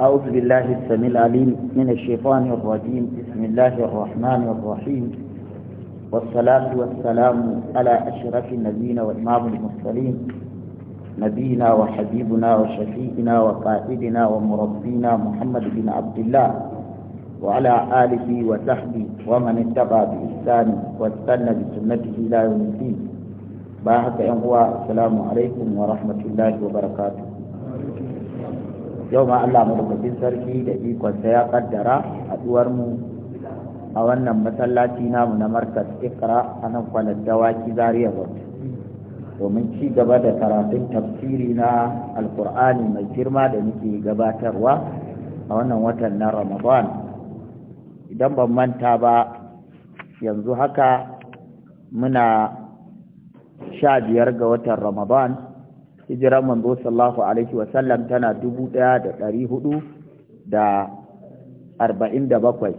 أعوذ بالله السميع العليم من الشيطان الرجيم بسم الله الرحمن الرحيم والصلاة والسلام على أشرف النبيين وإمام المرسلين نبينا وحبيبنا وشفيئنا وقائدنا ومربينا محمد بن عبد الله وعلى آله وصحبه ومن اتبع بإحسان واستنى بسنته إلى يوم الدين بارك السلام عليكم ورحمة الله وبركاته yau ma Allah madaukakin sarki da ikonsa ya kaddara haduwar mu a wannan masallaci namu na markas ikra a nan kwanar dawaki zaria bauchi domin ci gaba da karatun tafsiri na alkur'ani mai girma da muke gabatarwa a wannan watan na ramadan idan ban manta ba yanzu haka muna sha biyar ga watan ramadan hijiran manzo sallallahu alaihi wa sallam tana dubu da hudu da arba'in da bakwai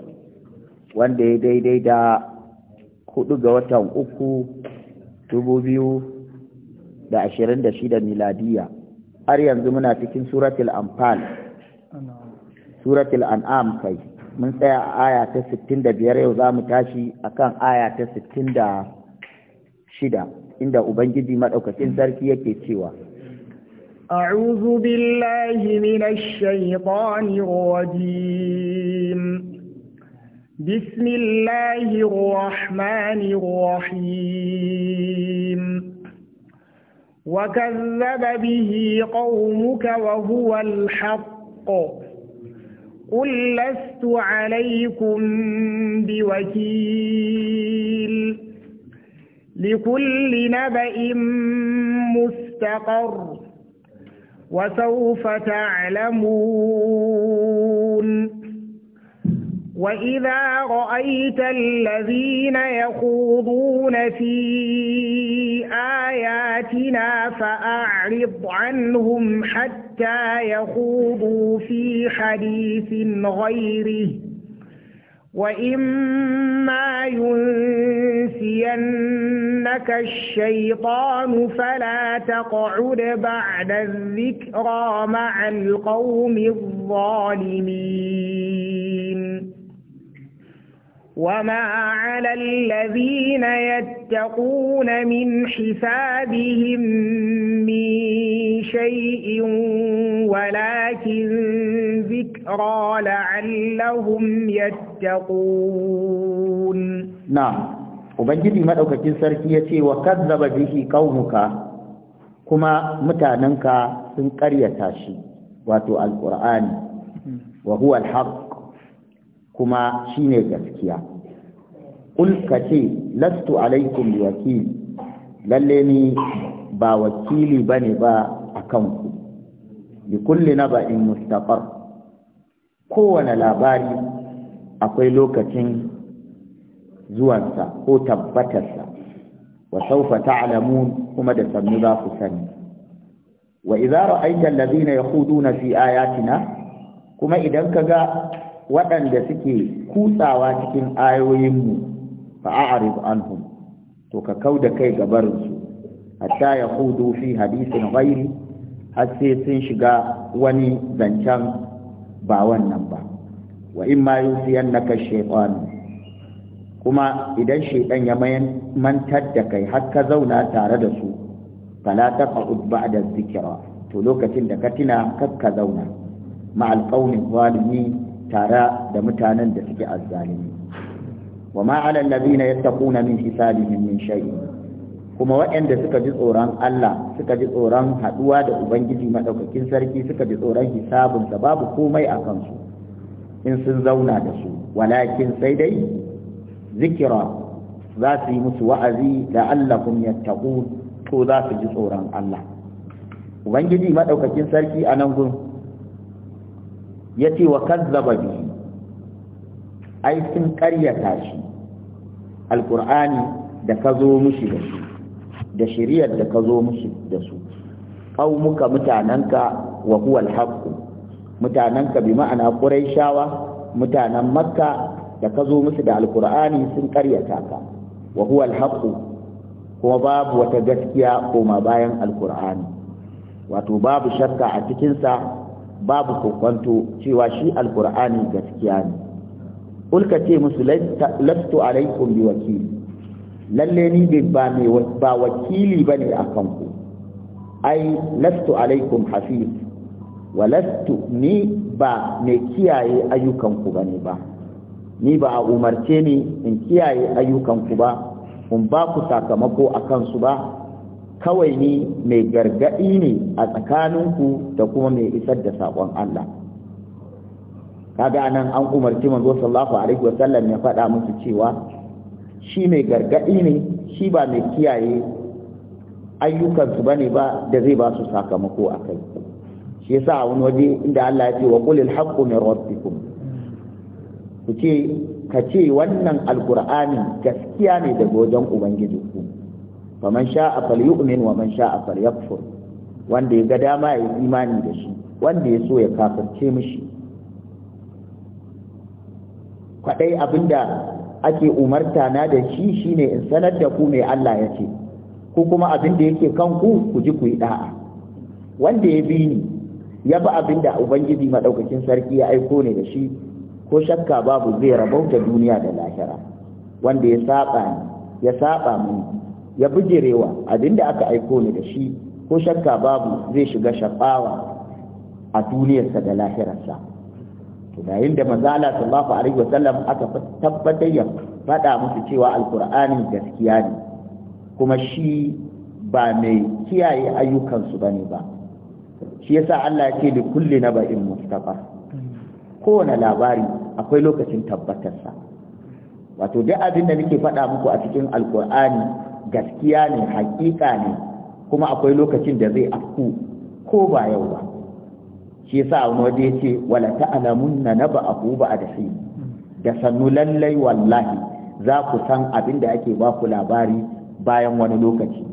wanda ya daidai da hudu ga watan uku dubu biyu da ashirin da shida miladiya har yanzu muna cikin suratul anfal suratul an'am kai mun tsaya a aya ta sittin da biyar yau za mu tashi akan aya ta sittin da shida inda ubangiji madaukakin sarki yake cewa أعوذ بالله من الشيطان الرجيم بسم الله الرحمن الرحيم وكذب به قومك وهو الحق قل لست عليكم بوكيل لكل نبأ مستقر وسوف تعلمون وإذا رأيت الذين يخوضون في آياتنا فأعرض عنهم حتى يخوضوا في حديث غيره وإما ينسينك الشيطان فلا تقعد بعد الذكرى مع القوم الظالمين وما على الذين يتقون من حسابهم من شيء ولكن ذكرى لعلهم يتقون نعم ubangiji madaukakin sarki ya ce wa kazzaba bihi qaumuka kuma mutanenka sun karyata shi wato alqur'ani wa huwa alhaq kuma shi ne gaskiya kul ce, lastu alaikum wakili lalle ni ba wakili bane ba akan ku na ba in mustaqar kowane labari akwai lokacin zuwansa ko tabbatarsa wa ta ta'lamun kuma da sannu za ku sani wa idza ra'aita alladhina yakhuduna fi ayatina kuma idan ka ga. waɗanda suke kutsawa cikin ayoyinmu fa a'rid anhum to ka kauda kai gabarin su hatta ya hudu fi hadisin ghairi har sai sun shiga wani zancen ba wannan ba wa in ma yusiyannaka shaytan kuma idan shaytan ya mantar da kai har ka zauna tare da su fala taqud ba'da zikira. to lokacin da ka tina kakka zauna ma alqawmi zalimi tare da mutanen da suke azzalimi wa ma ala allazina yattaquna min hisabihim min shay kuma waɗanda suka ji tsoron Allah suka ji tsoron haɗuwa da ubangiji madaukakin sarki suka ji tsoron hisabinsa babu komai a kansu in sun zauna da su walakin sai dai zikira za su yi musu wa'azi da kun yattaqu to za su ji tsoron Allah ubangiji madaukakin sarki a nan gun yace wa kazzaba bi ai sun karyata shi alqur'ani da ka zo mushi da shi da shari'ar da ka zo mushi da su qaumuka mutananka wa huwa alhaq mutananka bi ma'ana ƙuraishawa mutanen makka da ka zo musu da alkur'ani sun karyata ka wa huwa alhaq kuma babu wata gaskiya koma bayan alkur'ani wato babu shakka a cikinsa babu kokwanto cewa shi alkur'ani gaskiya ne ulka ce musu lastu alaikum bi wakili lalle ni ba mai ba wakili bane akan ku ai lastu alaikum hafiz wa lastu ni ba mai kiyaye ayyukanku ku bane ba ni ba a umarce ni in kiyaye ayyukan ku ba in ba ku sakamako a kansu ba kawai ni mai gargaɗi ne a tsakaninku da kuma mai isar da saƙon Allah kaga nan an umarci manzo sallallahu alaihi wasallam ya faɗa musu cewa shi mai gargaɗi ne shi ba mai kiyaye ayyukansu bane ba da zai ba su sakamako a kai shi yasa a wani waje inda Allah ya ce wa qulil haqqu min rabbikum ku ce ka ce wannan alkur'ani gaskiya ne daga wajen ubangijinku faman sha'a falyu'min wa man sha'a yakfur. wanda ya ga dama ya imani da shi wanda ya so ya kafirce mishi kwadai abinda ake umarta na da shi shine in sanar da ku mai Allah ya ce ku kuma abinda yake kan ku ku ji ku yi da'a wanda ya bi ni ya bi abin da ubangiji madaukakin sarki ya aiko ne da shi ko shakka babu zai rabauta duniya da lahira wanda ya saba ni ya saba mini ya bijirewa abinda aka aiko ni da shi ko shakka babu zai shiga shafawa a duniyarsa da lahirarsa to yayin da mazala sallallahu alaihi wasallam aka tabbatar ya faɗa musu cewa alkur'ani gaskiya ne kuma shi ba mai kiyaye ayyukansu bane ba shi yasa Allah ya ce li kulli naba'in mustafa kowane labari akwai lokacin tabbatarsa wato duk abin da nake faɗa muku a cikin alkur'ani gaskiya ne hakika ne kuma akwai lokacin da zai afku ko ba yau ba shi yasa wani ya ce wala ta'lamunna abu ba'da hin da sannu lallai wallahi za ku san abin da ake ba ku labari bayan wani lokaci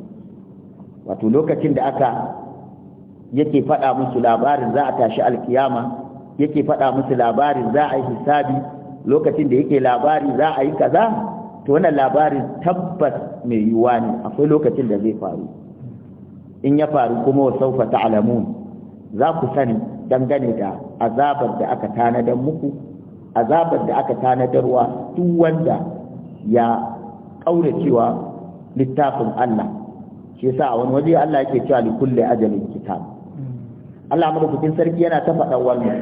wato lokacin da aka yake faɗa musu labarin za a tashi alkiyama yake faɗa musu labarin za a yi hisabi lokacin da yake labari za a yi kaza to wannan labarin tabbas mai yiwuwa ne akwai lokacin da zai faru in ya faru kuma wasaufa ta'lamun za ku sani dangane da azabar da aka tanadar muku azabar da aka tanadarwa duk wanda ya kaura cewa littafin Allah shi yasa a wani waje Allah yake cewa li kulli ajalin kitab Allah madaukakin sarki yana ta faɗa wannan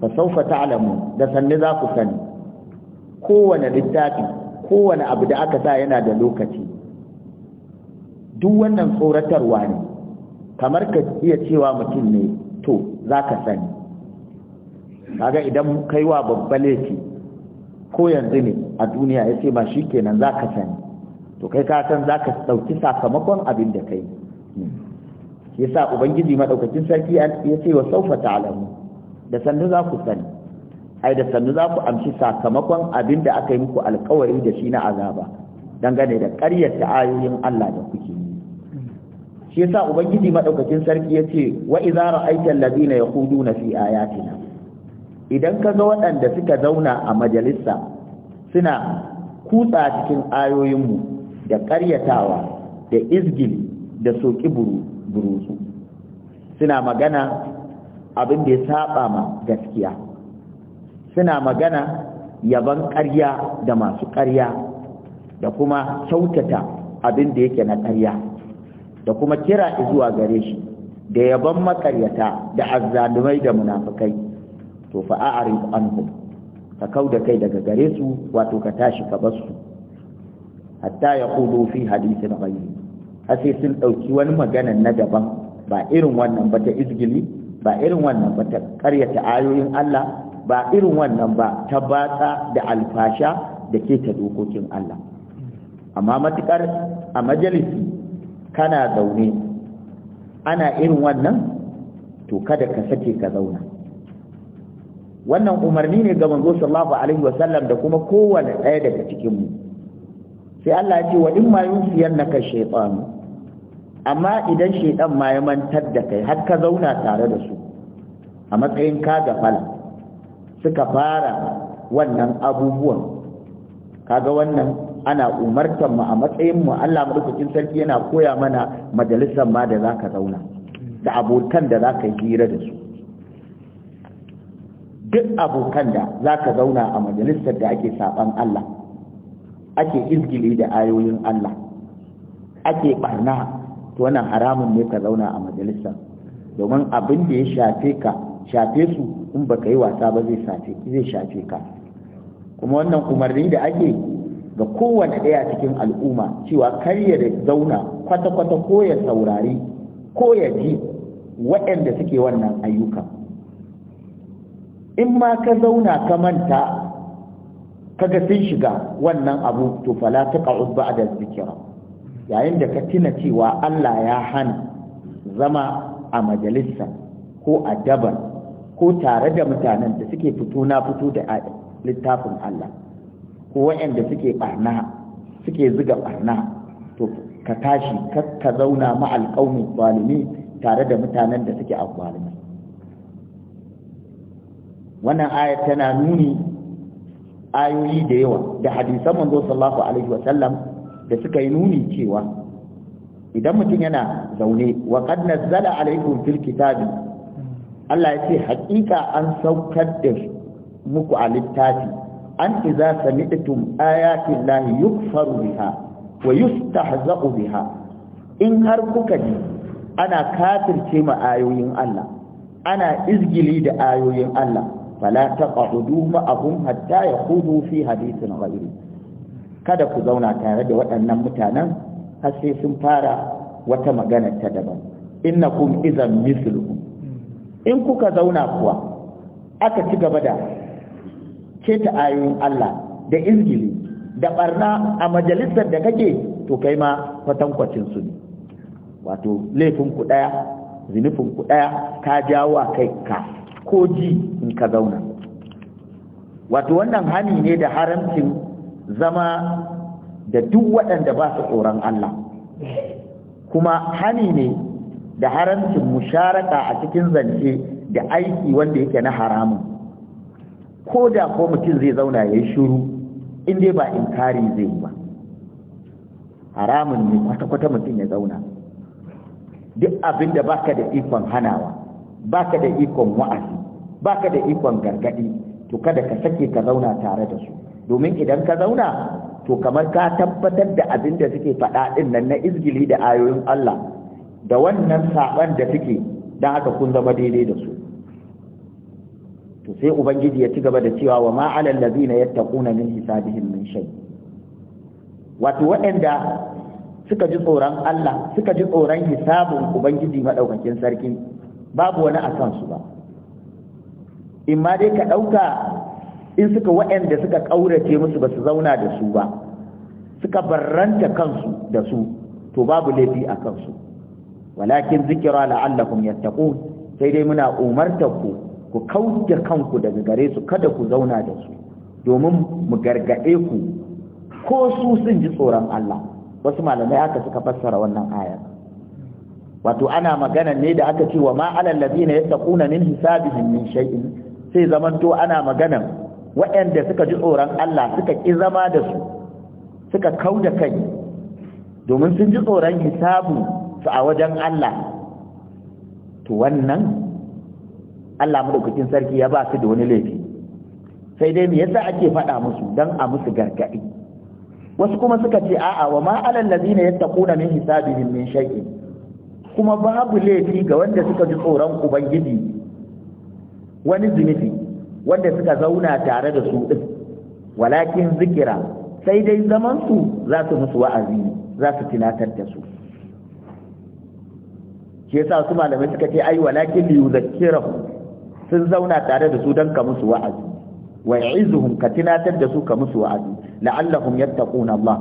fa saufa ta'lamun da sanne za ku sani kowane littafi kowane abu da aka sa yana da lokaci duk wannan tsoratarwa ne kamar ka iya cewa mutum ne to za ka sani kaga idan kai wa babba laifi ko yanzu ne a duniya ya ce ma shi kenan za ka sani to kai ka san za ka ɗauki sakamakon abin da kai ya sa ubangiji maɗaukacin sarki ya ce wa saufata al'amu. da sannu za ku sani ai da sannu za ku amshi sakamakon abin da aka yi muku alkawari da shi na azaba dangane da ƙaryata ayoyin Allah da kuke yi shi yasa ubangiji madaukakin sarki yace wa idza ra'aita alladhina yaquduna fi ayatina idan ka ga waɗanda suka zauna a majalisa suna kutsa cikin ayoyinmu da ƙaryatawa da izgil da soki burutsu suna magana abin da ya saba ma gaskiya suna magana yaban ƙarya da masu ƙarya da kuma kyautata abin da yake na ƙarya da kuma kira zuwa gare shi da yaban makaryata da azzalumai da munafukai to fa a'rid anhum ka kauda kai daga gare su wato ka tashi ka bar su hatta yaqulu fi hadithin ghayri sai sun ɗauki wani magana na daban ba irin wannan ba ta izgili ba irin wannan ba ta karyata ayoyin Allah ba irin wannan ba ta batsa da alfasha da keta dokokin Allah amma matukar a majalisi kana zaune ana irin wannan to kada ka sake ka zauna wannan umarni ne ga manzo sallallahu alaihi wasallam da kuma kowane ɗaya daga cikin mu sai Allah ya ce wa in ma yunsiyannaka shaytan amma idan shaytan ma ya mantar da kai har ka zauna tare da su a matsayin ka gafala suka fara wannan abubuwan kaga wannan ana umartar mu a matsayin mu Allah madaukakin sarki yana koya mana majalisar ma da zaka zauna da abokan da zaka hira da su duk abokan da zaka zauna a majalisar da ake saban Allah ake izgili da ayoyin Allah ake barna to wannan haramun ne ka zauna a majalisar domin abin da ya shafe ka shafe su in baka yi wasa ba zai shafe ka kuma wannan umarni da ake ga kowane ɗaya cikin al'umma cewa kar ya zauna kwata-kwata ko ya saurari ko ya ji waɗanda suke wannan ayyuka in ma ka zauna ka manta kaga sun shiga wannan abu to fala ba da zikra yayin da ka tuna cewa Allah ya hana zama a majalisa ko a dabar ko tare da mutanen da suke fito na fito da littafin Allah ko waɗanda suke barna suke zuga barna to ka tashi ka zauna ma qaumin zalimi tare da mutanen da suke azzalimi wannan ayat tana nuni ayoyi da yawa da hadisan manzo sallallahu alaihi wa sallam da suka yi nuni cewa idan mutum yana zaune wa qad nazzala alaikum fil kitabi Allah ya ce haƙiƙa an saukar da muku a littafi an iza sami'tum ayatin lahi yukfaru biha wa yustahza'u biha in har kuka ji ana kafirce ma ayoyin Allah ana izgili da ayoyin Allah fala taqudu ma'ahum hatta yaqudu fi hadithin ghairi kada ku zauna tare da waɗannan mutanen har sai sun fara wata magana ta daban innakum idan mithluhum in kuka zauna kuwa aka ci gaba da keta ayoyin Allah da izgili da barna a majalisar da kake to kai ma kwatankwacin su ne wato laifin ku daya zinufin ku daya ka jawo kai ka ko ji in ka zauna wato wannan hani ne da haramcin zama da duk waɗanda ba su tsoron Allah kuma hani ne da haramcin musharaka a cikin zance da aiki wanda yake na haramun ko da ko mutum zai zauna ya yi shuru inda ba ba inkari zai yi ba haramun ne kwata-kwata mutum ya zauna duk abin da baka da ikon hanawa baka da ikon wa'azi baka da ikon gargadi to kada ka sake ka zauna tare da su domin idan ka zauna to kamar ka tabbatar da abin da suke faɗa ɗin nan na izgili da ayoyin Allah da wannan saban da suke don aka kun zama daidai da su to sai ubangiji ya ci gaba da cewa wa ma alal ladina yattaquna min hisabihim min shay wato waɗanda suka ji tsoron Allah suka ji tsoron hisabin ubangiji madaukakin sarki babu wani akan su ba in ma dai ka ɗauka in suka waɗanda suka ƙaurace musu ba su zauna da su ba suka barranta kansu da su to babu laifi a kansu walakin zikira la'allakum yattaqun sai dai muna umartar ku ku kauce kanku daga gare su kada ku zauna da su domin mu gargade ku ko su sun ji tsoron Allah wasu malamai aka suka fassara wannan ayar wato ana magana ne da aka ce wa ma alal ladina yattaquna min hisabihim min shay'in sai zamanto ana magana waɗanda suka ji tsoron Allah suka ki zama da su suka kauda kai domin sun ji tsoron hisabu su a wajen Allah to wannan Allah madaukakin sarki ya ba su da wani laifi sai dai me yasa ake faɗa musu dan a musu gargaɗi wasu kuma suka ce a'a wa ma alal ladina yattaquna min hisabihim min shay'i kuma babu laifi ga wanda suka ji tsoron ubangiji wani zunubi wanda suka zauna tare da su din walakin zikira sai dai zaman su za su musu wa'azi za su tunatar da su shi yasa su malamai suka ce ai walakin li yuzakkiru sun zauna tare da su dan ka musu wa'azi wa izuhum ka tinatar da su ka musu wa'azi la'allahum yattaquna Allah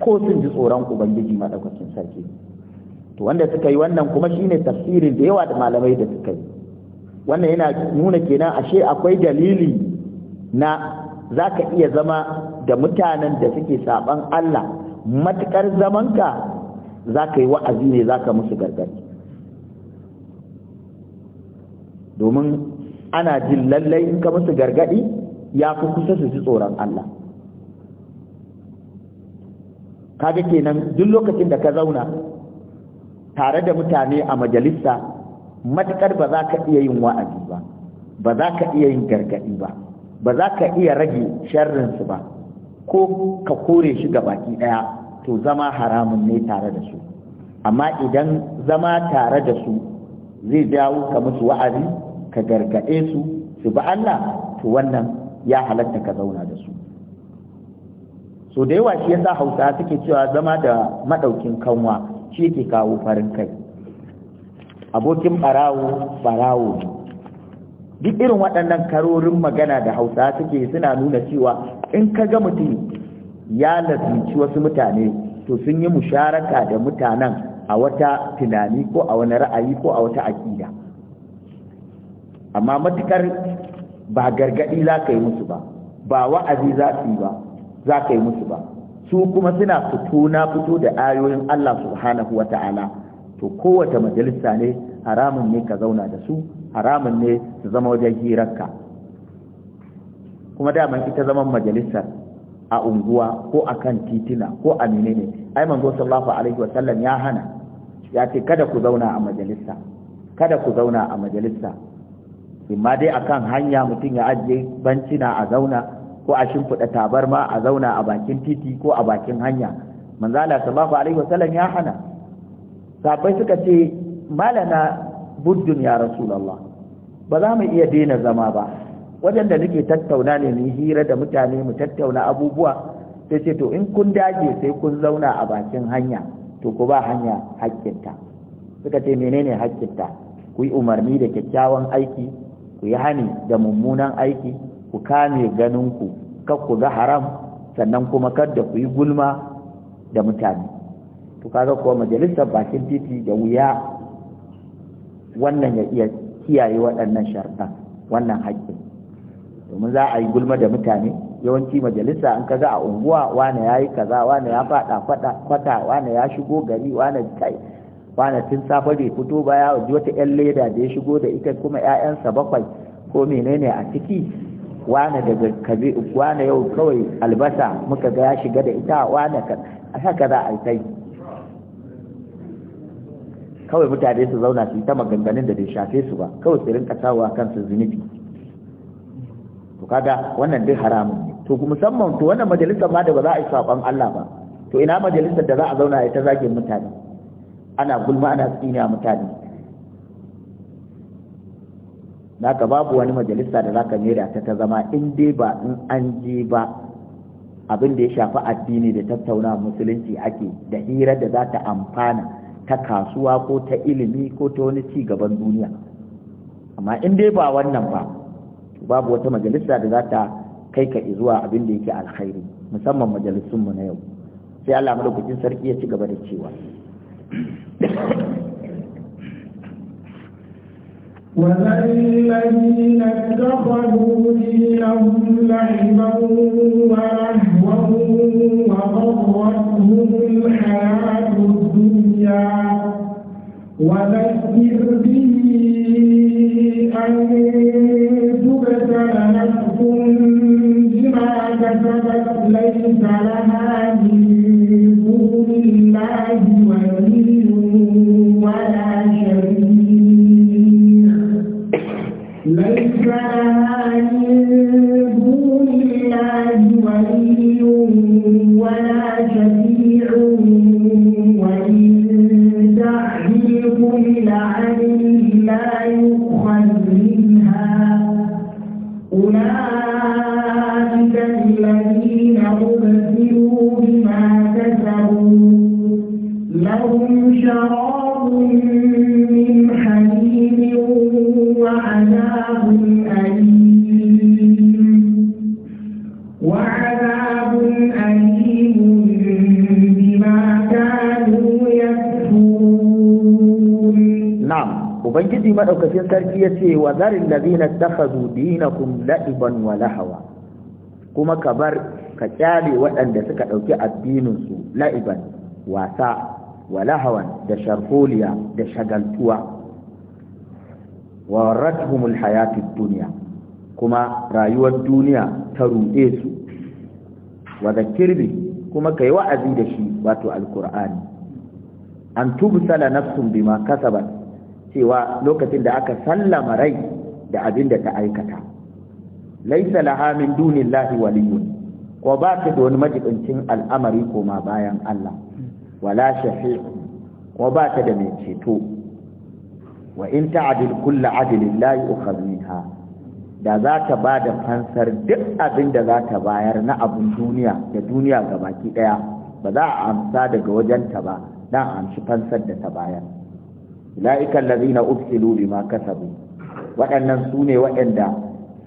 ko sun ji tsoron ubangiji madaukakin sarki to wanda suka yi wannan kuma shine tafsirin da yawa da malamai da suka yi wannan yana nuna kenan ashe akwai dalili na zaka iya zama da mutanen da suke saban Allah matukar zamanka zaka yi wa'azi ne zaka musu gargadi domin ana jin lallai in ka musu gargaɗi, ya fi kusa su ji tsoron Allah Ka ga kenan duk lokacin da ka zauna tare da mutane a majalisa matuƙar ba za ka iya yin wa'azi ba ba za ka iya yin gargadi ba ba za ka iya rage sharrinsu ba ko ka kore shi ga baki ɗaya to zama haramun ne tare da su amma idan zama tare da su zai jawo ka musu wa'azi ka gargaɗe su su ba Allah to wannan ya halatta ka zauna da su so da yawa shi yasa hausa suke cewa zama da maɗaukin kanwa shi yake kawo farin kai abokin barawo barawo duk irin waɗannan karorin magana da hausa suke suna nuna cewa in ka ga mutum ya lafinci wasu mutane to sun yi musharaka da mutanen a wata tunani ko a wani ra'ayi ko a wata aƙida amma matukar ba gargaɗi za ka yi musu ba ba wa'azi za su yi ba za ka yi musu ba su kuma suna fito na fito da ayoyin Allah subhanahu wa ta'ala to kowace majalisa ne haramun ne ka zauna da su haramun ne su zama wajen hirarka kuma daman ita zaman majalisar a unguwa ko a kan titina ko a menene ai manzo sallallahu alaihi wa sallam ya hana ya ce kada ku zauna a majalisa kada ku zauna a majalisa imma dai akan hanya mutum ya ajiye bancina a zauna ko a shimfiɗa tabarma a zauna a bakin titi ko a bakin hanya manzo sallallahu alaihi wa sallam ya hana sabai suka ce malana buddun ya rasulullah ba za mu iya daina zama ba wajen da nake tattauna ne ni hira da mutane mu tattauna abubuwa sai ce to in kun dage sai kun zauna a bakin hanya to ku ba hanya hakkinta suka ce menene hakkinta ku yi umarni da kyakkyawan aiki ku yi hani da mummunan aiki ku kame ganinku kar ku ga haram sannan kuma kar da ku yi gulma da mutane to kaga kuwa majalisar bakin titi da wuya wannan ya iya kiyaye waɗannan sharɗan wannan haƙƙin domin za a yi gulma da mutane yawanci majalisa an kaga a unguwa wane ya yi kaza wane ya fada kwata wane ya shigo gari wane kai wane tun safe bai fito ba ya ji wata yan leda da ya shigo da ita kuma ƴaƴansa bakwai ko menene a ciki wane daga kabe wane yau kawai albasa muka ga ya shiga da ita wane ka haka za a yi kai kawai mutane su zauna su yi ta maganganun da bai shafe su ba kawai su rinka sawa kansu zunubi kaga wannan duk haramun ne to musamman to wannan majalisar ma da ba za a yi saban Allah ba to ina majalisar da za a zauna ya ta zage mutane ana gulma ana a mutane Na ka babu wani majalisa da zaka mera ta ta zama in dai ba in an je ba abin da ya shafi addini da tattauna musulunci ake da hira da za ta amfana ta kasuwa ko ta ilimi ko ta wani ci gaban duniya amma in dai ba wannan ba babu wata majalisa da za ta kai ka zuwa abin da yake alkhairi musamman majalisunmu na yau sai Allah malaukakin sarki ya ci gaba da cewa والذين اتخذوا دينهم لعبا ولهوا وغرتهم الحياة الدنيا وذكر به حسبتكم بما كسبت ليس لها من دون الله ولي ubangiji madaukakin sarki ce wa zina ladina takhadhu dinakum la'iban wa kuma ka bar ka kyale waɗanda suka ɗauki addinin su la'iban wasa walahawan da sharholiya da shagaltuwa wa warratuhumul hayatun duniya, kuma rayuwar duniya ta ruɗe su wa kirbi kuma kai wa'azi da shi wato Alkur'ani an tubsala nafsun bima kasabat cewa lokacin da aka sallama rai da abin da ta aikata laisa laha min dunillahi waliyun ko ba ta da wani majibincin al'amari ma bayan Allah wala shafi'u ko ba ta da mai ceto wa in ta adil kulla la yu'khadhu da za ta ba da fansar duk abin da za ta bayar na abin duniya da duniya gabaki daya ba za a amsa daga wajenta ba dan amshi fansar da ta bayar la'ika allazina ubsilu bima kasabu waɗannan su ne waɗanda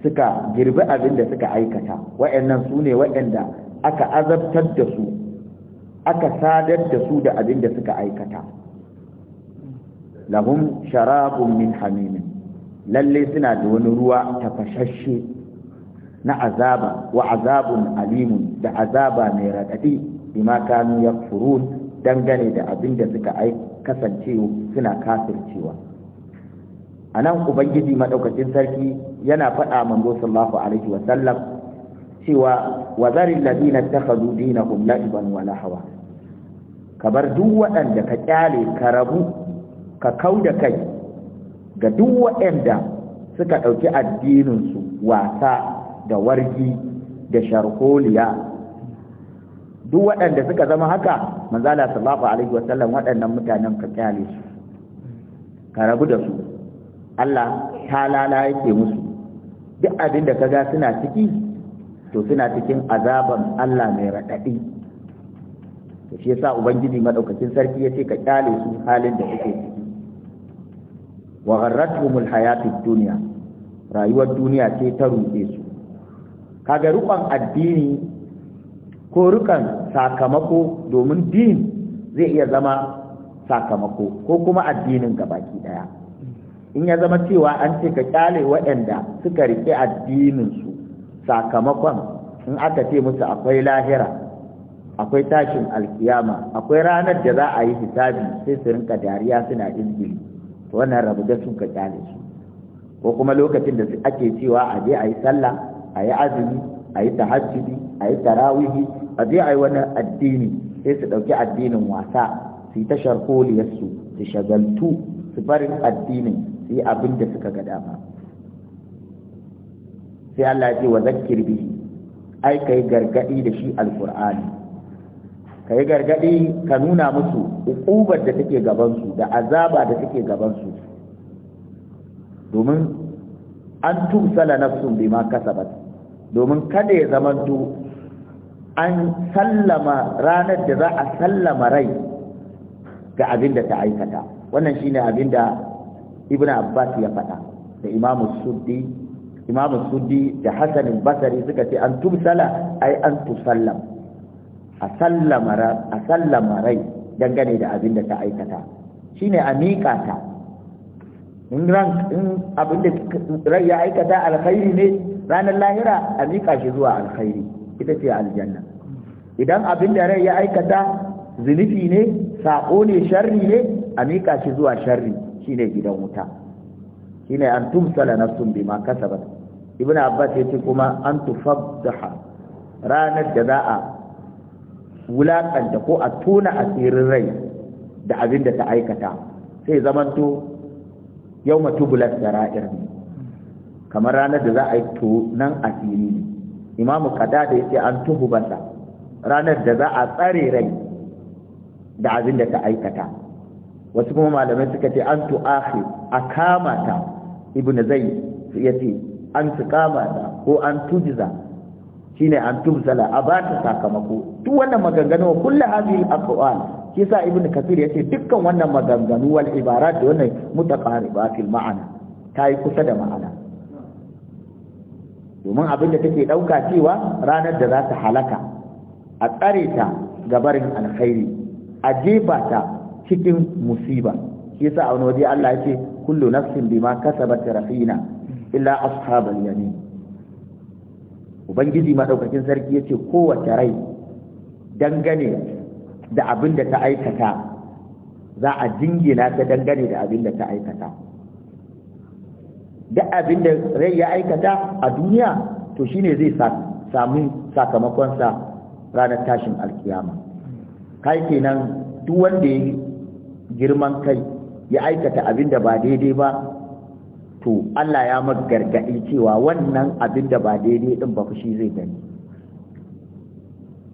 suka girbi abin da suka aikata waɗannan su ne waɗanda aka azabtar da su aka sadar da su da abin da suka aikata lahum sharabun min hamimin lalle suna da wani ruwa tafashashe na azaba wa azabun alimun da azaba mai raɗaɗi bima kanu yakfurun dangane da abin da suka kasance suna kafircewa a nan ubangiji maɗaukacin sarki yana faɗa manzo sallallahu alaihi wa sallam cewa wa zaril ladina takhadu dinahum la'iban wa lahawa kabar duk waɗanda ka kyale ka rabu ka kauda kai ga duk waɗanda suka ɗauki su wasa da wargi da sharholiya duk waɗanda suka zama haka manzala sallallahu alaihi sallam waɗannan mutanen ka kyale su ka rabu da su Allah ta lala yake musu duk abin da kaga suna ciki to suna cikin azaban Allah mai raɗaɗi to shi yasa ubangiji madaukakin sarki yace ka kyale su halin da suke ciki wa gharratuhumul hayatid dunya rayuwar duniya ce ta ruɗe su kaga rukan addini ko rukan sakamako domin din zai iya zama sakamako ko kuma addinin gabaki daya in ya zama cewa an ce ka kyale waɗanda suka riƙe addininsu sakamakon in aka ce musu akwai lahira akwai tashin alkiyama akwai ranar da za a yi hisabi sai su rinka dariya suna ingili, to wannan rabu da su ka kyale su ko kuma lokacin da ake cewa a je a yi sallah a yi azumi a yi tahajjudi a yi tarawihi a je a yi wani addini sai su ɗauki addinin wasa su yi ta sharholiyarsu su shagaltu su barin addinin su yi abin da suka ga dama sai Allah ya ce wa zakir bihi ai kai gargadi da shi alqur'ani kai gargadi ka nuna musu uqubar da take gaban su da azaba da take gaban su domin an tumsala nafsun bima kasabat domin kada ya zamanto an sallama ranar da za a sallama rai ga abin da ta aikata wannan shine abin da ibn abbas ya faɗa da imamu suddi imamu suddi da hasan basari suka ce an tubsala ai an tusallam a sallama a sallama rai dangane da abin da ta aikata shine a miƙa ta in abin da rai ya aikata alkhairi ne ranar lahira a miƙa shi zuwa alkhairi ita ce aljanna idan abin da rai ya aikata zunufi ne saƙo ne sharri ne a miƙa shi zuwa sharri shine gidan wuta shine an tumsala nafsun bima kasabat Ibn abbas yace kuma an tufaddaha ranar da za a wulaƙanta ko a tona asirin rai da abin da ta aikata sai zamanto yau matubular da ne kamar ranar da za a yi tonan asiri imamu kada da yace an tuhubata ranar da za a tsare rai da abin da ta aikata wasu kuma malamai suka ce an tu'akhi a kama ta ibnu ya yace an tuqama ta ko an Shi shine an tubzala a ba ta sakamako duk wannan maganganu kullu hadhihi al-aqwal kisa ibnu kafir ce dukkan wannan maganganu wal ibarat da wannan mutaqariba fil ma'ana tayi kusa da ma'ana domin abin da take ɗauka cewa ranar da za ta halaka a tsare ta gabarin alkhairi a jefa ta cikin musiba shi yasa a wani waje Allah ya ce kullu nafsin bima kasabat rafina, illa ashabal yamin ubangiji madaukakin sarki yace kowace rai dangane da abin ta aikata za a jingina ta dangane da abin da ta aikata da abin da rai ya aikata a duniya to shine zai samu sakamakonsa ranar tashin alkiyama kai kenan duk wanda ya girman kai ya aikata abin da ba daidai ba to Allah ya magargadi cewa wannan abin da ba daidai din ba shi zai gani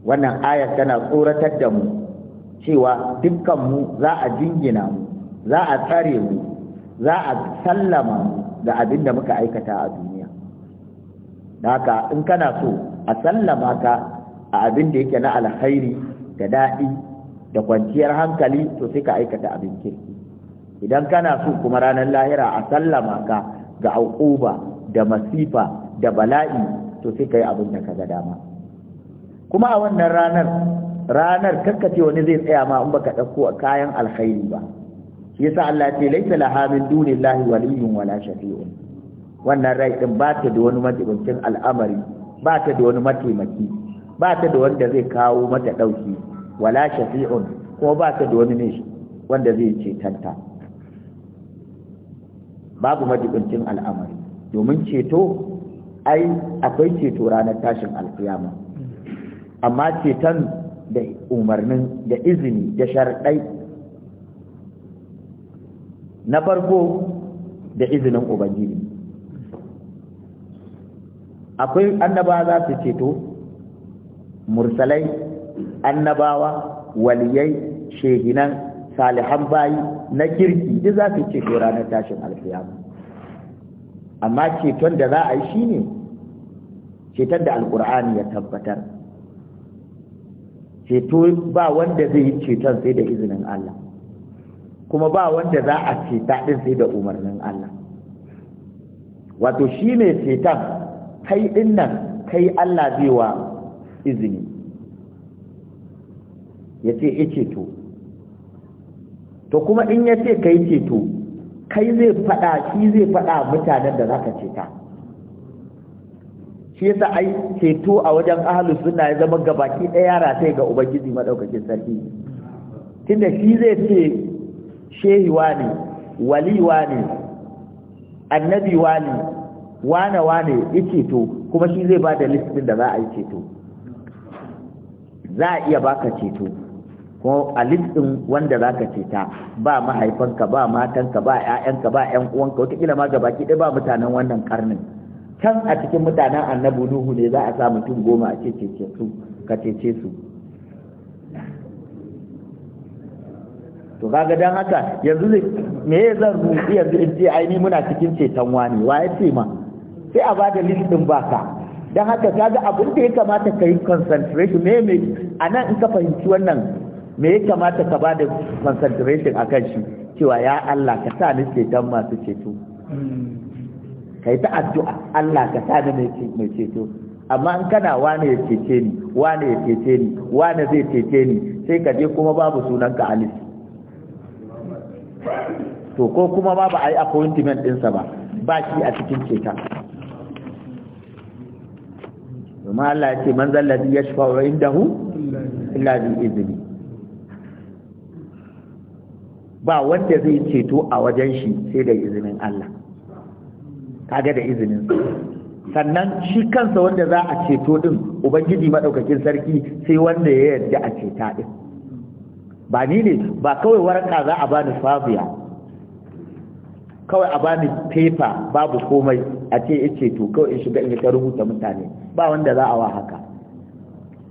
wannan aya tana tsoratar da mu cewa dukkan mu za a jingina mu za a tsare mu za a sallama mu da abin da muka aikata a duniya haka in kana so a sallama ka a abin da yake na alkhairi da daɗi da kwanciyar hankali to sai ka aikata abin kirki idan kana so kuma ranar lahira a sallama ka ga auƙuba da masifa da bala'i to sai ka yi abin da ka ga dama kuma a wannan ranar ranar karkace wani zai tsaya ma in baka ɗauko kayan alkhairi ba yasa Allah ce laisa laha min dunillahi waliyyun wala shafi'un wannan rai din ba ta da wani majibincin al'amari ba ta da wani mataimaki ba ta da wanda zai kawo mata dauki wala shafi'un ko ba ta da wani ne wanda zai cetanta babu majibincin al'amari domin ceto ai akwai ceto ranar tashin alkiyama amma ceton da umarnin da izini da sharɗai na farko da izinin ubangiji akwai annaba za su ceto mursalai annabawa waliyai shehinan salihan bayi na kirki duk za su ceto ranar tashin alkiyama amma ceton da za a yi shine ceton da alkur'ani ya tabbatar ceto ba wanda zai yi ceton sai da izinin Allah kuma ba wanda za a ceta ɗin sai da umarnin Allah wato shi ne ceta kai ɗin nan kai Allah zai wa izini ya ce ya ceto to kuma in ya ce kai ceto kai zai faɗa shi zai faɗa mutanen da za ka ceta shi yasa ai ceto a wajen ahlus sunna ya zama gabaki ɗaya yara sai ga ubangiji madaukakin sarki tunda shi zai ce shehi wane wali wane annabi wane wane wane ya ceto kuma shi zai bada listin da za a yi ceto za a iya baka ceto ko a listin wanda za ka ceta ba mahaifanka ba matanka ba ƴaƴanka ba ƴan uwanka wataƙila ma baki ɗaya ba mutanen wannan karnin can a cikin mutanen annabi nuhu ne za a sa mutum goma a cece su ka cece su to kaga dan haka yanzu me zan rubi yanzu in ce ai muna cikin ceton wani ya ce ma sai a bada list din baka dan haka kaga abin da ya kamata ka yi concentration me me anan in ka fahimci wannan me ya kamata ka bada concentration akan shi cewa ya Allah ka sa ni ceton masu ceto kai ta addu'a Allah ka sa ni mai ceto amma in kana wane ya cece ni wane ya cece ni wane zai cece ni sai ka je kuma babu sunanka a to ko kuma ba ba a yi appointment ɗinsa ba ba shi a cikin ceton domin Allah ya ce man zallabi ya shafa wa inda hu illa bi izini ba wanda zai ceto a wajen shi sai da izinin Allah kaga da izinin sannan shi kansa wanda za a ceto din ubangiji madaukakin sarki sai wanda ya yarda a ceta din ba ni ne ba kawai waraka za a bani fafiya kawai a bani paper babu komai a ce yace to kawai in shiga in ta rubuta mutane ba wanda za a wa haka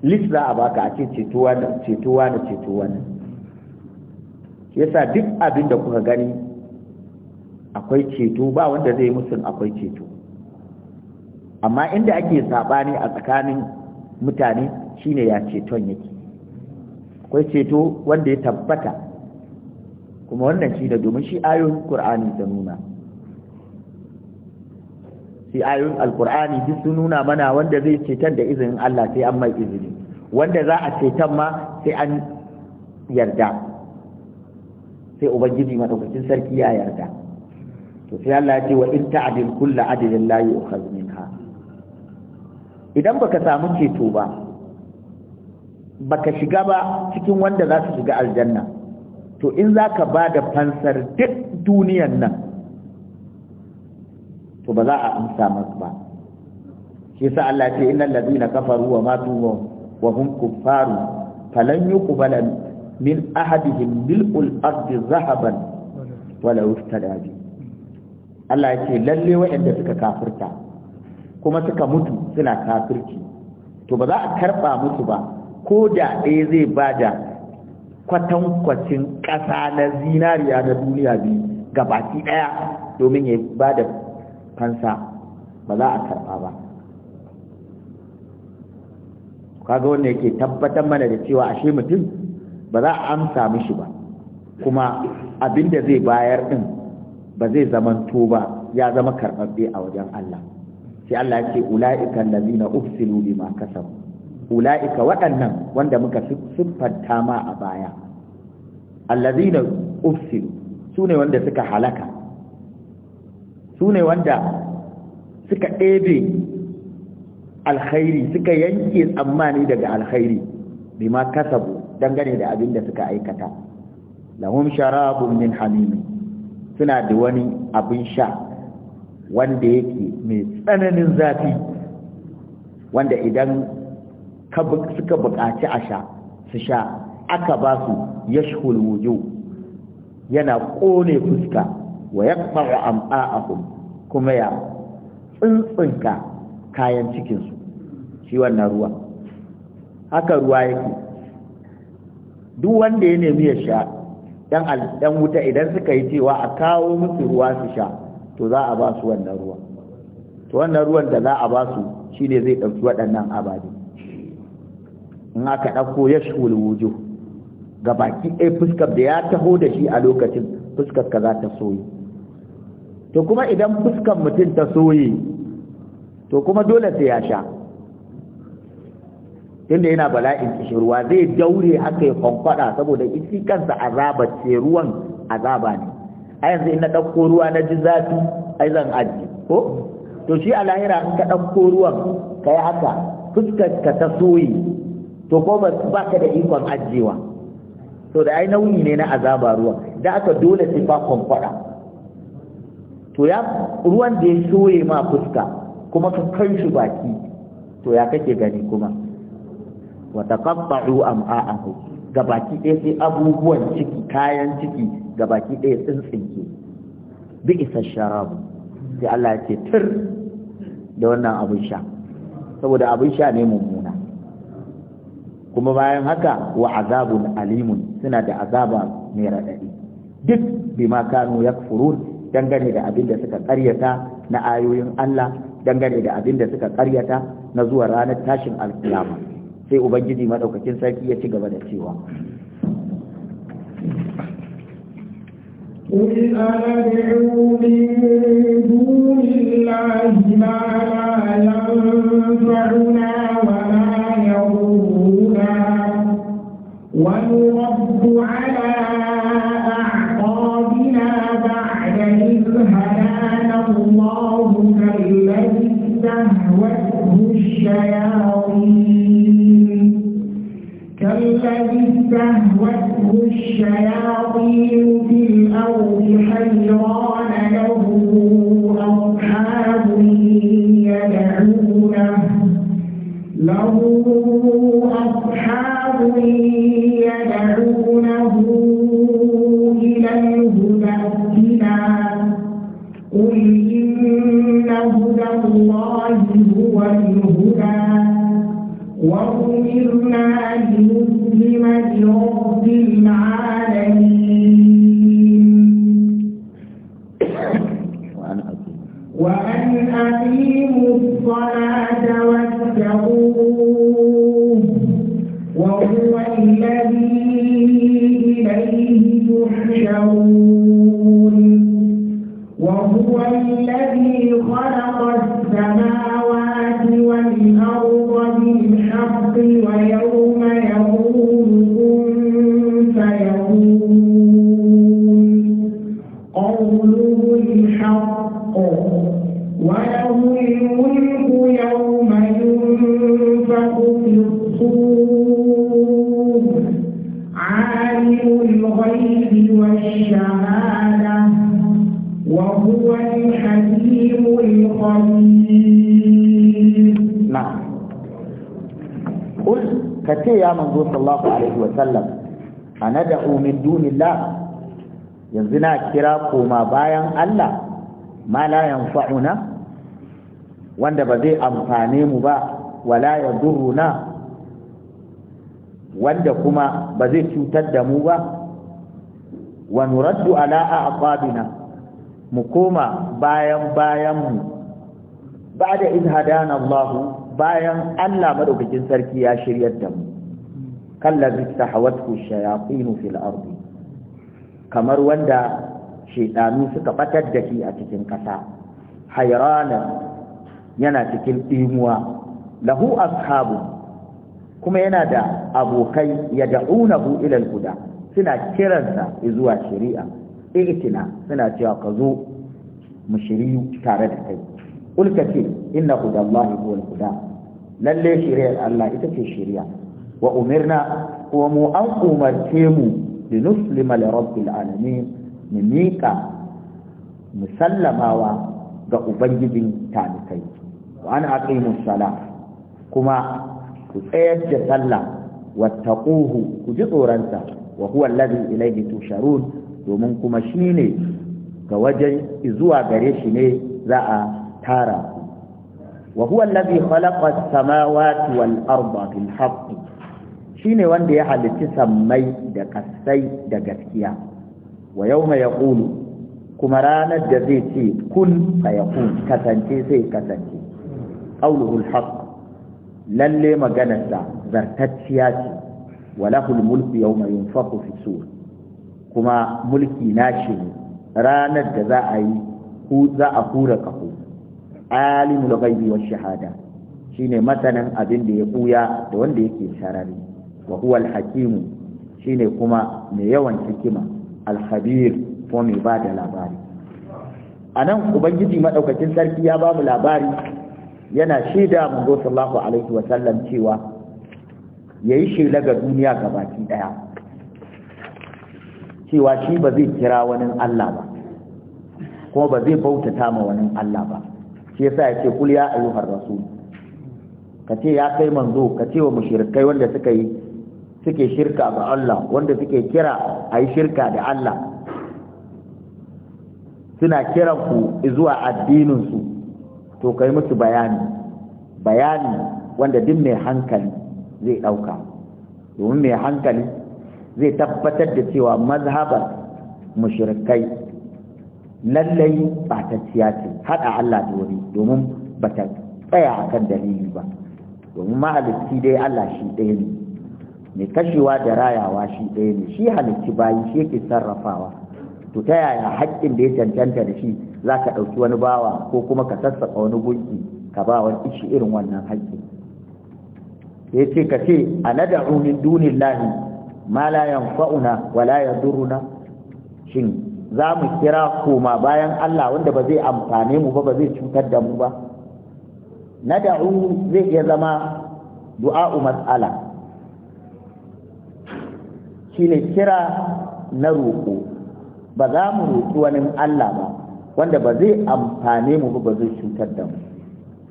list za a baka a ce ceto wani ceto wani ceto wani yasa duk abin da kuka gani akwai ceto ba wanda zai musu akwai ceto amma inda ake saɓani a tsakanin mutane shine ya ceton yake akwai ceto wanda ya tabbata kuma wannan shi da domin shi ayoyin ƙurani da nuna shi ayoyin al duk sun nuna mana wanda zai ceton da izinin Allah sai an mai izini wanda za a ceton ma sai an yarda sai ubangiji madaukakin sarki ya yarda to sai Allah ya ce wa in ta'dil kullu adlin la yu'khadh minha idan baka samu ceto ba baka shiga ba cikin wanda za su shiga aljanna to in za ka ba da fansar duk duniyan nan to ba za a amsa masu ba shi sa Allah ce innal na kafaru wa matu wa hum kuffaru yi kubala min ahadihin mil'ul ardi zahaban wala da bi Allah ce lalle waɗanda suka kafirta kuma suka mutu suna kafirci to ba za a karba musu ba ko da ɗaya zai ba da. kwatankwacin ƙasa na zinariya na duniya biyu ga baki ɗaya domin ya ba da fansa ba za a karɓa ba kaga wanda yake tabbatar mana da cewa ashe mutum ba za a amsa mishi ba kuma abin da zai bayar ɗin ba zai zamanto ba ya zama karɓaɓɓe a wajen Allah sai Allah ya ce ula'ikan lazina ufsilu ma kasabu ula'ika waɗannan wanda muka siffanta ma a baya allazina ufsilu su ne wanda suka halaka su ne wanda suka ɗebe alkhairi suka yanke tsammani daga alkhairi bima kasabu dangane da abin da suka aikata lahum sharabun min hamimi suna da wani abin sha wanda yake mai tsananin zafi wanda idan suka buƙaci a sha su sha aka ba su ya wujuh yana ƙone fuska wa ya yaqta'u am'a'ahum kuma ya tsuntsunka kayan cikinsu shi wannan ruwa haka ruwa yake duk wanda ya nemi ya sha dan al'adun wuta idan suka yi cewa a kawo musu ruwa su sha to za a ba su wannan ruwa to wannan ruwan da za a ba su shi ne zai ɗauki waɗannan ababe in aka ɗauko ya shul wujo ga baki ɗaya fuskar da ya taho da shi a lokacin fuskar ka za ta soyi to kuma idan fuskar mutum ta soyi to kuma dole sai ya sha tunda yana bala'in ruwa zai daure haka ya kwankwada saboda isi kansa azaba ce ruwan azaba ne a yanzu ina ɗauko ruwa na ji zafi ai zan aji ko to shi a lahira in ka ɗauko ruwan ka yi haka fuskar ka ta soyi to ko ba ka da ikon ajiyewa to da ai nauyi ne na azaba ruwa da aka dole sai fa to ya ruwan da ya soye ma fuska kuma ka kai shi baki to ya kake gani kuma wa taqatta'u am'a'ahu gabaki ɗaya sai abubuwan ciki kayan ciki gabaki ɗaya tsintsinke bi isa sharabu sai Allah ya ce tir da wannan abin sha saboda abin sha ne mummuna kuma bayan haka wa azabun alimun suna da azaba mai raɗaɗi duk ma kanu yakfurun dangane da abin da suka karyata na ayoyin Allah dangane da abin da suka karyata na zuwa ranar tashin alƙiyama sai ubangiji madaukakin sarki ya ci gaba da cewa قل من دون الله ما لا ينفعنا ولا يضرنا رسولا ونرد على أعقابنا بعد إذ هدانا الله كالذي استهوته الشياطين كالذي استهوته الشياطين في الأرض حيران له أصحاب له أصحاب يدعونه إلى الهدى قل إن هدى الله هو الهدى وأمرنا لنسلم رب tad'u min dunillah yanzu na kira koma bayan Allah ma la yanfa'una wanda ba zai amfane mu ba wala yadurruna wanda kuma ba zai cutar da mu ba wa nuraddu ala aqabina mu koma bayan bayan mu ba da izhadana Allah bayan Allah madaukakin sarki ya shiryar da mu kallazi hawatku shayaƙinu fil ardi kamar wanda shedanu suka ɓatar da shi a cikin ƙasa, hayrana yana cikin ɗimuwa lahu ashabu kuma yana da abokai yad'unahu ila al-huda suna kiransa zuwa shari'a i'tina suna cewa ka zo mu shiriyu tare da kai Kulka ce inna hudallahi huwal huda lalle shari'ar Allah ita ce shari'a wa umirna kuma mu an umarce mu da nuslima li rabbil alamin mu miƙa musallamawa ga ubangijin talikai wa an aqimu sala kuma ku tsayar da sallah wattaquhu ku ji tsoronsa wa huwa alladhi ilayhi tusharun domin kuma shine ga wajen zuwa gare shi ne za a tara wa huwa alladhi khalaqa as-samawati bil shine wanda ya halitti sammai da kasai da gaskiya wa yau ya yaqulu kuma ranar da zai ce kun fayakun kasance sai kasance ƙaunuhul haƙ lalle maganarsa zartacciya ce wa lahul ma yawma yunfaqu fi sur kuma mulki na nashi ranar da za a yi ku za a hura kafu alimul ghaibi wash shahada shine masanin abin da ya buya da wanda yake sharari wa huwa al-hakim shine kuma mai yawan hikima al-khabir ko mai ba da labari anan ubangiji madaukakin sarki ya ba mu labari yana shaida manzo sallallahu alaihi wa sallam cewa yayi shela ga duniya gabaki daya cewa shi ba zai kira wani Allah ba kuma ba zai bautata ma wani Allah ba shi yasa yake kul ya ayyuhar rasul ka ce ya kai manzo ka ce wa mushrikai wanda suka yi suke shirka ga Allah wanda suke kira a yi shirka da Allah suna kiran ku zuwa addininsu to kai musu bayani bayani wanda duk mai hankali zai ɗauka domin mai hankali zai tabbatar da cewa mazhabar mushrikai lallai ta ce haɗa Allah da wani domin ba ta tsaya kan dalili ba domin ma'aliki dai Allah shi ɗaya ne mai kashewa da rayawa shi ɗaya ne shi halicci bayi shi yake sarrafawa to ta yaya haƙƙin da ya cancanta da shi za ka ɗauki wani bawa ko kuma ka sassaƙa wani gunki ka ba wani ishi irin wannan haƙƙi ya ce ka ce a nada'u min dunin lahi ma la fa'una wa la duruna shin za mu kira koma bayan Allah wanda ba zai amfane mu ba ba zai cutar da mu ba nada'u zai iya zama du'a'u mas'ala shine kira na roƙo ba za mu roƙi wani Allah ba wanda ba zai amfane mu ba zai cutar da mu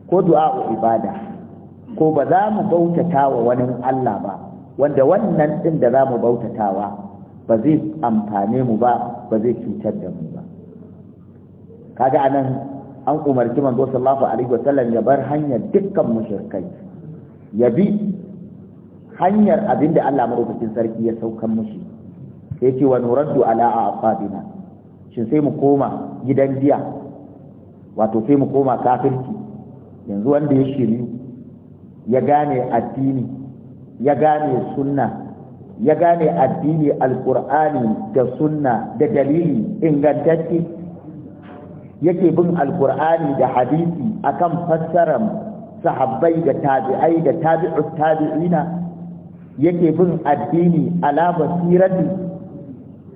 ko du'a ibada ko ba za mu bautata wa wani Allah ba wanda wannan din da za mu bautatawa ba zai amfane mu ba ba zai cutar da mu ba kaga anan an umarci manzo sallallahu alaihi wasallam ya bar hanyar dukkan mushrikai ya bi hanyar abin da Allah madaukakin sarki ya saukan mushi sai ce wa nuraddu ala aqabina shin sai mu koma gidan giya wato sai mu koma kafirci yanzu wanda ya shiryu ya gane addini ya gane sunna ya gane addini alqur'ani da sunna da dalili ingantacce yake bin alkur'ani da hadisi akan fassarar sahabbai da tabi'ai da tabi'ut tabi'ina yake bin addini ala basirati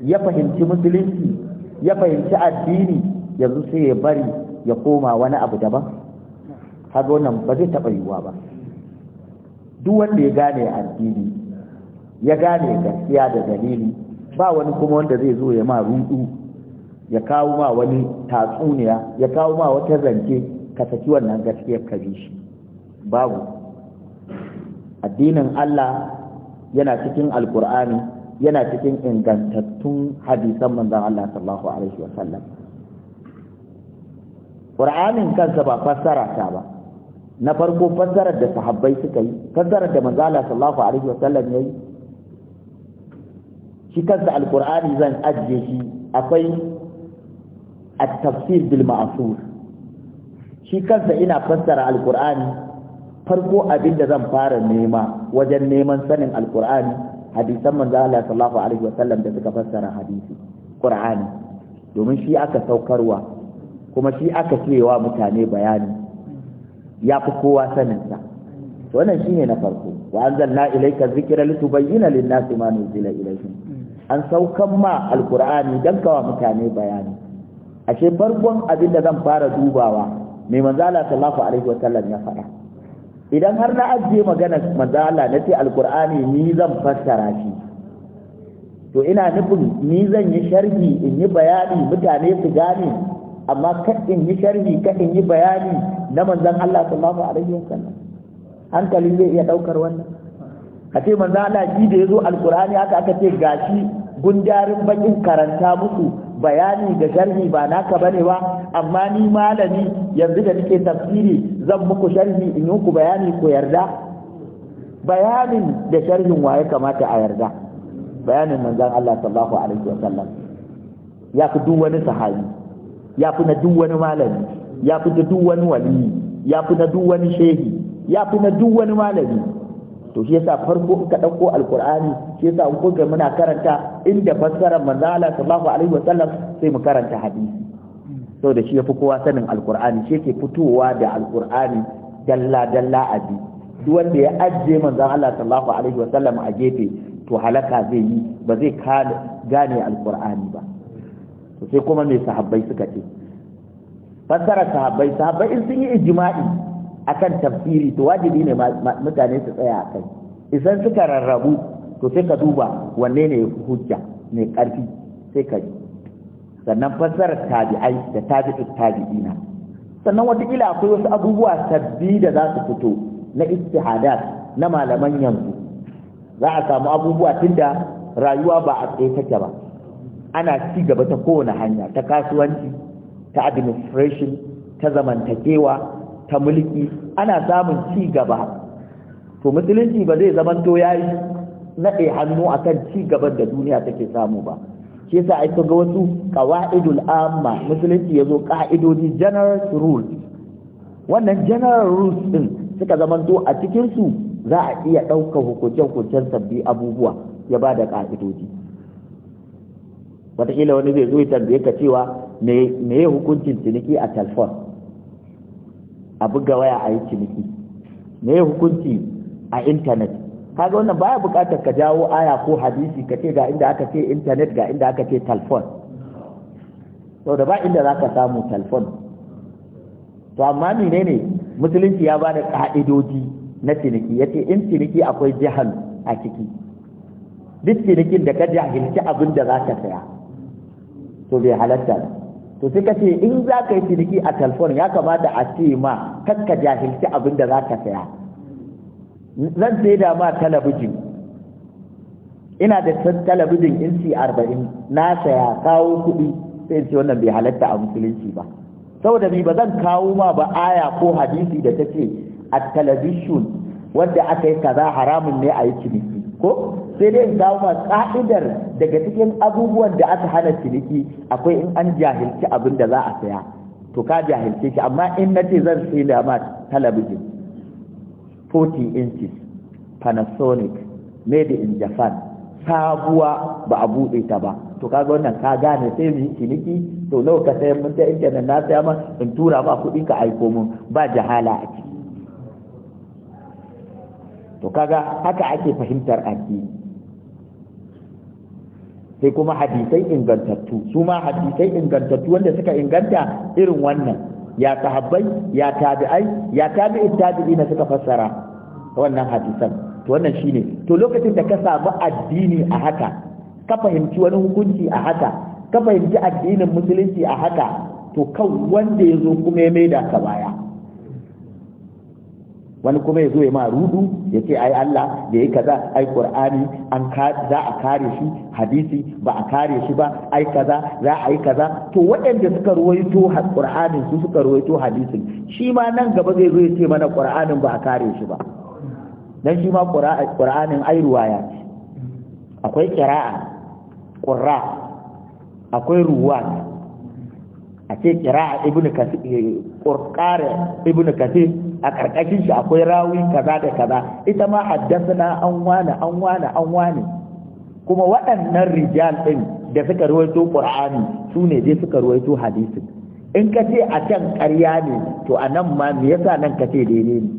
ya fahimci musulunci ya fahimci addini yanzu sai ya bari ya koma wani abu daban har wannan ba zai taɓa yiwuwa ba duk wanda ya gane addini ya gane gaskiya da dalili ba wani kuma wanda zai zo ya ma rudu ya kawo ma wani tatsuniya ya kawo ma wata zance ka saki wannan gaskiyar ka bi shi babu addinin Allah yana cikin alkur'ani yana cikin ingantattun hadisan manzon Allah sallallahu alaihi wasallam qur'anin kansa ba fassara ta ba na farko fassarar da sahabbai suka yi fassarar da manzon Allah sallallahu alaihi wasallam yi shi kansa alkur'ani zan ajiye shi akwai at-tafsir bil ma'sur shi kansa ina fassara alkur'ani farko abin da zan fara nema wajen neman sanin alkur'ani hadisan manzo Allah sallallahu alaihi wasallam da suka fassara hadisi qur'ani domin shi aka saukarwa kuma shi aka cewa mutane bayani ya fi kowa sanin sa. wannan shine na farko wa anzalna ilayka dhikra litubayyana lin-nasi ma nuzila ilayhim an saukan ma alkur'ani dan kawa mutane bayani ashe farkon abin da zan fara dubawa mai manzo Allah sallallahu alaihi wasallam ya faɗa idan har na ajiye magana mazala na ce alkur'ani ni zan fassara shi to ina nufin ni zan yi sharhi in yi bayani mutane su gane amma ka in yi sharhi ka in yi bayani na manzan Allah sallallahu alaihi wasallam hankali zai iya daukar wannan a ce manzan Allah shi da yazo alkur'ani haka aka ce gashi gundarin bakin karanta musu bayani da sharhi ba naka bane ba amma ni malami yanzu da nake tafsiri zan muku sharhi in yi ku bayani ku yarda bayanin da sharhin wa ya kamata a yarda bayanin manzon Allah sallallahu alaihi wasallam ya fi duk wani sahabi ya fi na duk wani malami ya fi na duk wani waliyi ya fi na duk wani shehi ya fi na duk wani malami to shi yasa farko in ka dauko alqur'ani shi yasa in kuka muna karanta inda fassarar manzo Allah sallallahu alaihi wasallam sai mu karanta hadisi da shi yafi kowa sanin alqur'ani shi yake fitowa da alqur'ani dalla dalla abi duk wanda ya ajje manzo Allah sallallahu alaihi wasallam a gefe to halaka zai yi ba zai gane alqur'ani ba to sai kuma me sahabbai suka ce fassarar sahabbai sahabbai in sun yi ijma'i akan tafsiri to wajibi ne mutane su tsaya a kai idan suka rarrabu to sai ka duba wanne ne hujja mai ƙarfi sai ka sannan fassarar tabi'ai da tabi'in tabi'ina sannan kila akwai wasu abubuwa sabbi da za su fito na istihadat na malaman yanzu za a samu abubuwa tunda rayuwa ba a tsaye take ba ana ci gaba ta kowane hanya ta kasuwanci ta administration ta zamantakewa ta mulki ana samun ci gaba to musulunci ba zai zaman to yayi naɗe hannu akan ci gaban da duniya take samu ba shi yasa ai ga wasu qawaidul amma musulunci yazo ka'idoji general rules wannan general rules din suka zaman to a cikin su za a iya ɗaukar hukuncen-hukuncen sabbi abubuwa ya bada da ƙa'idoji wataƙila wani zai zo ya tambaye ka cewa me ya hukuncin ciniki a telephone a buga waya a yi ciniki me hukunci a intanet kaga wannan baya buƙatar ka jawo aya ko hadisi ka ce ga inda aka ce intanet ga inda aka ce telefon sau da ba inda za ka samu telefon to amma ne musulunci ya ba da ƙa'idoji na ciniki ya ce in ciniki akwai jihar a ciki duk cinikin da ka jahilci abin da za ka saya to bai halatta to sai ka in za ka yi ciniki a telefon ya kamata a ce ma kakka jahilci abin da za ka saya zan sai da ma talabijin ina da talabijin inci arba'in na saya kawo kuɗi sai ce wannan bai halatta a musulunci ba saboda ni ba zan kawo ma ba aya ko hadisi da ta ce a talabijin wanda aka yi kaza haramun ne a yi ciniki ko sai dai in ma ka'idar daga cikin abubuwan da aka hana ciniki akwai in an jahilci abin da za a saya to ka jahilce shi amma in na ce zan sai da ma talabijin 40 inches panasonic made in japan sabuwa ba a buɗe ta ba to kaga wannan ka gane sai mu yi ciniki to nawa ka sayan mun ta intanet na saya ma in tura ma kuɗi ka aiko mun ba jahala a ciki to kaga haka ake fahimtar addini sai kuma hadisai ingantattu su ma hadisai ingantattu wanda suka inganta irin wannan ya sahabbai ya tabi'ai ya tabi'i tabi'i na suka fassara wannan hadisan to wannan shine to lokacin da ka samu addini a haka ka fahimci wani hukunci a haka ka fahimci addinin musulunci a haka to kan wanda ya zo kuma ya maida ka baya wani kuma ya zo ya ma rudu ya ce ai Allah da ya kaza ai Qur'ani an ka za a kare shi hadisi ba a kare shi ba ai kaza za a yi kaza to waɗanda suka ruwaito Qur'ani su suka ruwaito hadisin shi ma nan gaba zai zo ya ce mana Qur'anin ba a kare shi ba dan shi ma Qur'anin ai ruwaya akwai qira'a qurra akwai ruwa a ce qira'a ibnu kasir qurqara ibnu kasir a karkashin shi akwai rawi kaza da kaza ita ma haddathana an wani an wani an wani kuma waɗannan rijal ɗin da suka ruwaito qur'ani su ne dai suka ruwaito hadisi in ka ce a can ƙarya ne to a nan ma me yasa nan ka ce daidai ne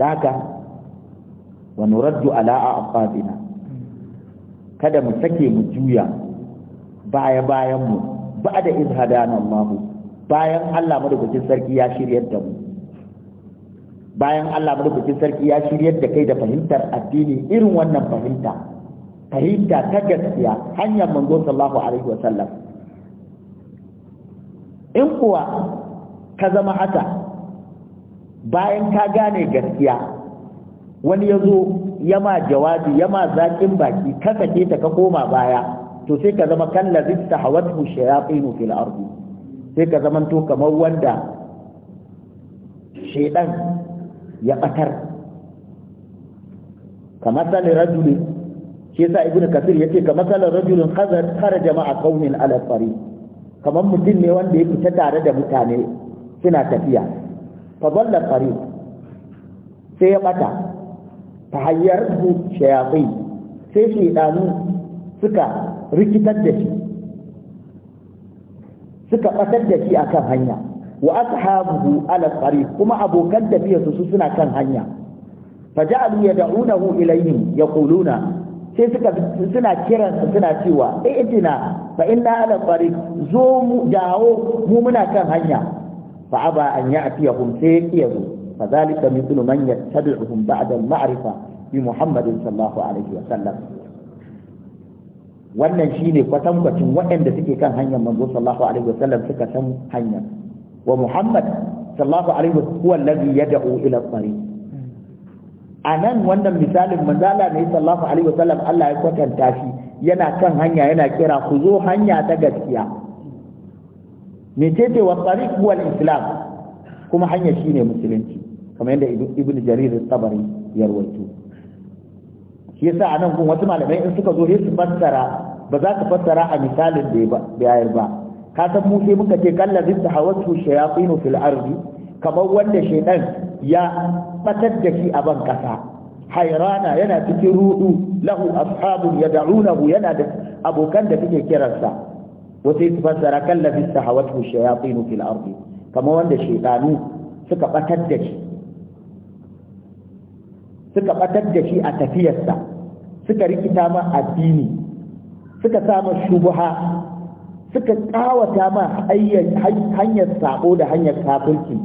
da wa nuraddu ala aqabina kada mu sake mu juya baya bayan mu ba'da iz hadana Allah bayan Allah madaukakin sarki ya shiryar da mu bayan Allah madaukakin sarki ya shiryar da kai da fahimtar addini irin wannan fahimta fahimta ta gaskiya hanyar manzo sallallahu alaihi wa sallam in kuwa ka zama haka bayan ka gane gaskiya wani ya zo yama jawabi yama zaƙin baki ka sake ta ka koma baya to sai ka zama kallazi tahawathu shayatin fil ardi sai ka zama to kamar wanda shaidan ya batar kamar sal rajuli shi sa ibnu kasir yace kamar sal rajulin khazar kharaja ma'a qaumin ala tariq kamar mutum ne wanda ya fita tare da mutane suna tafiya fa dalla tariq sai ya bata tahayyarhu shayatin sai shaydanu suka rikitar da shi suka ɓatar da shi akan hanya wa ashabuhu ala tsari kuma abokan tafiyarsu su suna kan hanya faja'alu yad'unahu ilayhim yaquluna sai suka suna kiran suna cewa eh itina fa inna ala tsari zo mu dawo mu muna kan hanya fa aba an ya'tiyahum sai yazo fadhalika mithlu man yattabi'uhum ba'da al-ma'rifa bi muhammadin sallallahu alaihi wa sallam wannan shine kwatankwacin waɗanda suke kan hanyar manzo sallallahu alaihi wasallam suka san hanyar. wa muhammad sallallahu alaihi wasallam huwa alladhi yad'u ila tsari a nan wannan misalin manzala ne sallallahu alaihi wasallam Allah ya kwatanta shi yana kan hanya yana kira ku zo hanya ta gaskiya mecece wa tsariq huwa islam kuma hanya shine musulunci kamar yadda ibnu jarir at-tabari ya rawaito shi yasa a nan gun wasu malamai in suka zo su fassara ba za ka fassara a misalin da bayar ba ka san mu sai muka ce kallar rizta hawatu shayatinu fil ardi kamar wanda shaidan ya batar da shi a ban kasa hairana yana cikin rudu lahu ashabun yad'unahu yana da abokan da suke kiransa wasu su fassara kallar rizta hawatu shayatinu fil ardi kamar wanda shaidanu suka batar da shi suka batar da shi a tafiyarsa suka rikita ma addini suka sa ma shubuha suka kawata ma hanyar sabo da hanyar kafirci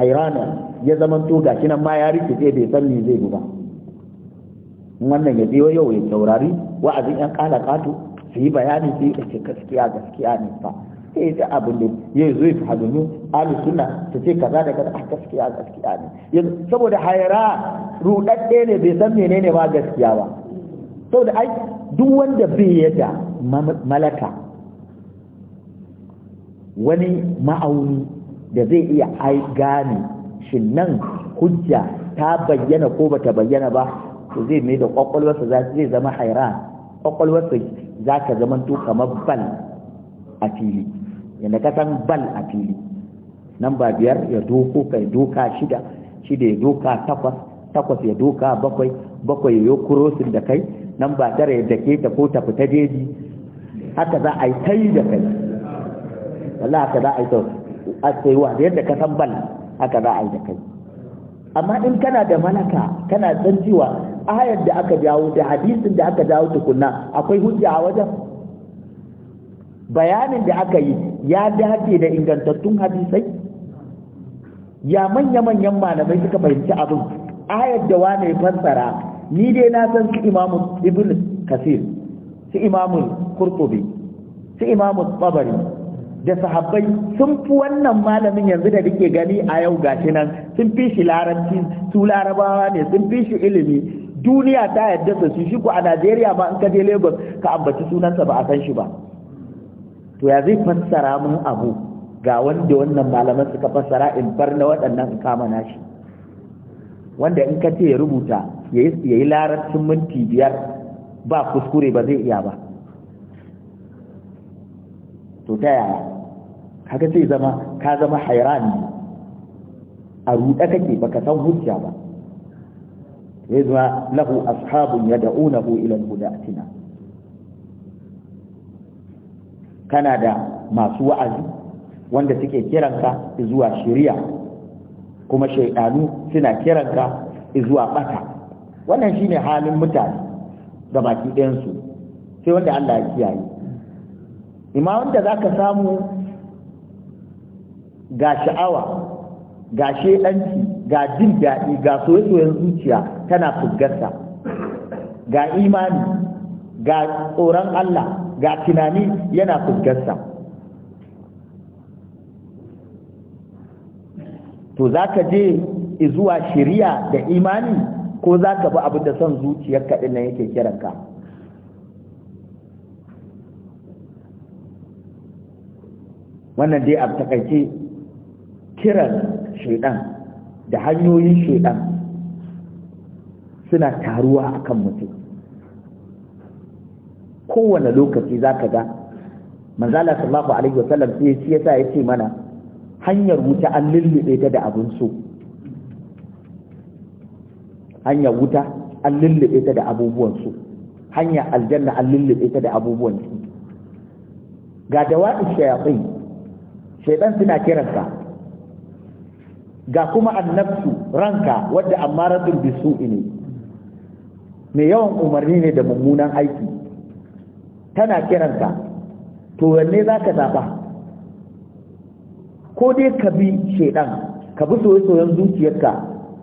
hairana ya zama to gashi nan ma ya rikice bai san me zai ba wannan ya biyo yau ya saurari wa'azin yan kala kato su yi bayani su yi gaskiya gaskiya ne fa sai ta abin da ya zo ya hadumi ahli ta ce kaza da kaza a ah, gaskiya gaskiya ne saboda hayara rudadde ne bai san menene ba gaskiya ba saboda ai duk wanda bai yadda malaka wani ma'auni da zai iya ai gane shin nan hujja ta bayyana ko bata bayyana ba to zai mai da kwakwalwarsa zai zama hayara kwakwalwarsa za ka zama to kamar ban a fili yadda ka san bal a fili nan ba biyar ya doko kai doka shida shida ya doka takwas takwas ya doka bakwai bakwai ya yi kurosin da kai nan ba tara ya dake ta ko ta fita haka za a yi ta yi da kai wallah haka za a yi a yi wa? yadda ka san bal haka za a yi da kai amma in kana da malaka kana san cewa ayar da aka jawo da hadisin da aka jawo tukunna akwai hujja a wajen bayanin da aka yi ya dace da ingantattun hadisai ya manya-manyan malamai suka fahimci abin ayat da wane fassara ni dai na san su imamu ibn kasir su imamu kurtubi su imamu tsabari da sahabbai sun fi wannan malamin yanzu da rike gani a yau gashi nan sun fi shi larabci su larabawa ne sun fi shi ilimi duniya ta yadda su shi ko a najeriya ba in ka je lagos ka ambaci sunansa ba a san shi ba to ya zai fassara mun abu ga wanda wannan malaman suka fassara in bar na waɗannan kama nashi wanda in ka ce ya rubuta ya yi larabcin minti biyar ba kuskure ba zai iya ba to ta yaya haka sai zama ka zama hairani a ruɗa kake baka san hujja ba ya zama lahu ashabun yad'unahu ila al a atina kana da masu wa'azi wanda suke kiranka zuwa shari'a kuma shaidanu suna kiranka zuwa bata wannan shine halin mutane da baki ɗayansu sai wanda Allah ya kiyaye ima wanda za ka samu ga sha'awa ga shaidanci ga jin daɗi ga soyayyen zuciya tana fuggarsa ga imani ga tsoron Allah ga tunani yana fuskarsa to za ka je zuwa shiriya da imani ko za ka bi abin da son zuciyarka ɗin nan yake kiranka wannan dai a takaice kiran shaidan da hanyoyin shaidan suna taruwa akan mutum kowane lokaci za ka ga manzala sallallahu alaihi wasallam sai shi yasa ya ce mana hanyar wuta an lullube ta da abin so hanyar wuta an lullube ta da abubuwan so hanyar aljanna an lullube ta da abubuwan so ga dawa'i shayatin shaytan suna kiranka ga kuma annabtu ranka wadda amma rabbul bisu'i ne mai yawan umarni ne da mummunan aiki tana kiran to wanne za ka zaɓa ko dai ka bi shaidan ka bi soye zuciyarka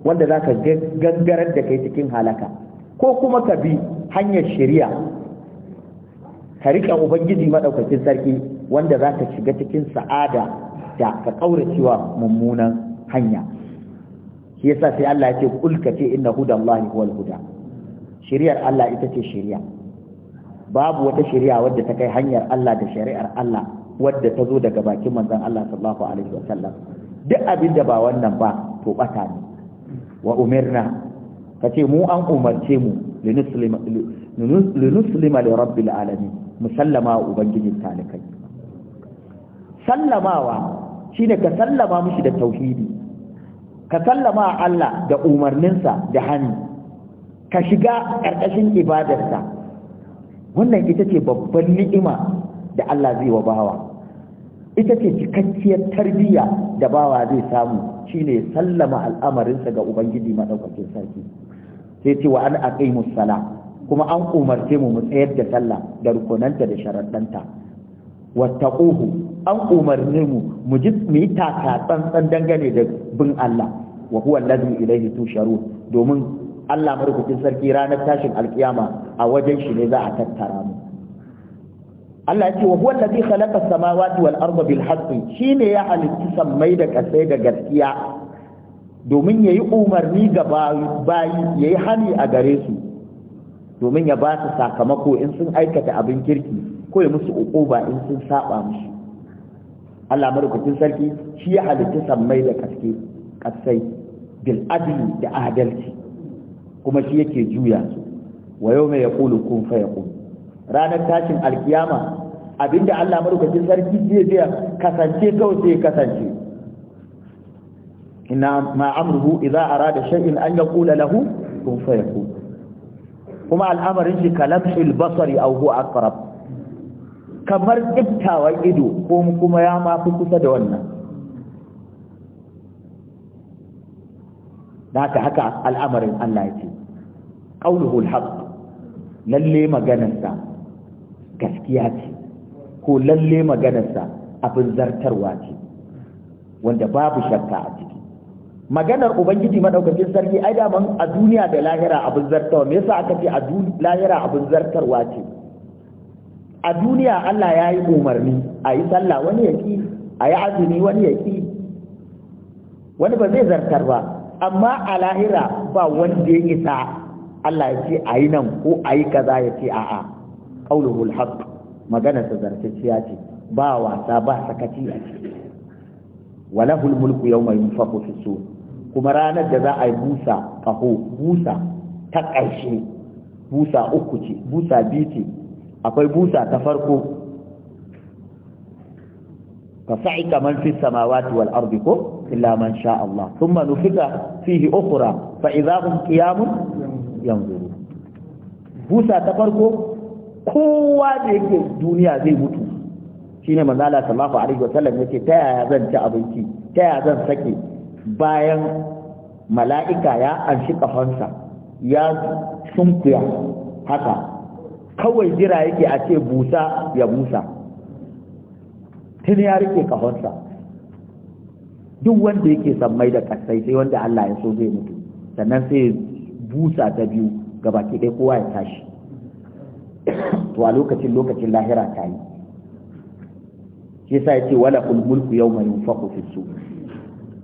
wanda za ka gangarar da kai cikin halaka ko kuma ka bi hanyar shari'a ka riƙa ubangiji maɗaukacin sarki wanda za ka shiga cikin sa'ada da ka ƙauracewa mummunan hanya shi yasa sai Allah ya ce kulka ce inna hudallahi huwal huda shari'ar Allah ita ce shari'a babu wata shari'a wadda ta kai hanyar Allah da shari'ar Allah wadda ta zo daga bakin manzon Allah sallallahu alaihi wasallam duk abin da ba wannan ba to bata ne wa umirna kace mu an umarce mu linuslima linuslima li rabbil alamin musallama ubangijin talikai sallamawa shine ka sallama mashi da tauhidi ka sallama Allah da umarninsa da hannu ka shiga ƙarƙashin ibadarsa wannan ita ce babban ni'ima da Allah zai wa bawa ita ce cikakkiyar tarbiyya da bawa zai samu shine sallama al'amarinsa ga ubangiji madaukakin sarki sai ce wa an aqimu sala kuma an umarce mu mu tsayar da sallah da rukunanta da sharaddanta wattaquhu an umarce mu mu ji mu yi taka tsantsan dangane da bin Allah wa huwa allazi ilayhi tusharun domin Allah marubucin sarki ranar tashin alkiyama a wajen shi ne za a tattara mu Allah ya ce wa huwa allazi khalaqa samawati wal arda bil haqqi shine ya halitta sammai da da gaskiya domin yayi umarni ga bayi yayi hani a gare su domin ya ba su sakamako in sun aikata abin kirki ko ya musu uquba in sun saba musu Allah marubucin sarki shi ya halitta sammai da kasai bil adli da adalci kuma shi yake juya su wa yau mai yaqulu kun fa yaqul ranar tashin alkiyama abinda Allah madaukakin sarki zai zai kasance kawai sai kasance inna ma amruhu idza arada shay'in an yaqula lahu kun fa yaqul kuma al'amarin shi kalamshil basari aw huwa aqrab kamar kittawan ido ko kuma ya ma fi kusa da wannan da haka haka al'amarin Allah yake qauluhu alhaq lalle maganarsa gaskiya ce ko lalle maganarsa abin zartarwa ce wanda babu shakka a ciki maganar ubangiji madaukakin sarki ai da man a duniya da lahira abin zartawa. me yasa aka ce a duniya lahira abin zartarwa ce a duniya Allah ya yi umarni a yi sallah wani ya ki a yi azumi wani ya ki wani ba zai zartar ba amma a lahira ba wanda ya isa Allah ya ce a yi nan ko a yi kaza ya ce a'a qauluhul haq magana ta zartacciya ce ba wasa ba sakaci a ce walahul mulku yawma yunfaqu fi sur kuma ranar da za a yi busa kaho busa ta ƙarshe busa uku ce busa biyu ce akwai busa ta farko فصعق من في السماوات والأرض إلا من شاء الله ثم نفق فيه أخرى فإذا هم قيام ينظرون بوسى تفرقوا kowa da yake duniya zai mutu shine manzo Allah sallallahu alaihi wasallam yace ta yaya zan ci abinci ta yaya zan sake bayan mala'ika ya anshi kafansa ya sunkuya haka kawai jira yake a ce busa ya busa tun ya rike kahonsa duk wanda yake sammai da kasai sai wanda Allah ya so zai mutu sannan sai ya busa ta biyu ga baki ɗaya kowa ya tashi to a lokacin lokacin lahira ta yi shi yasa yace wala kul mulku yawma yunfaqu fi sur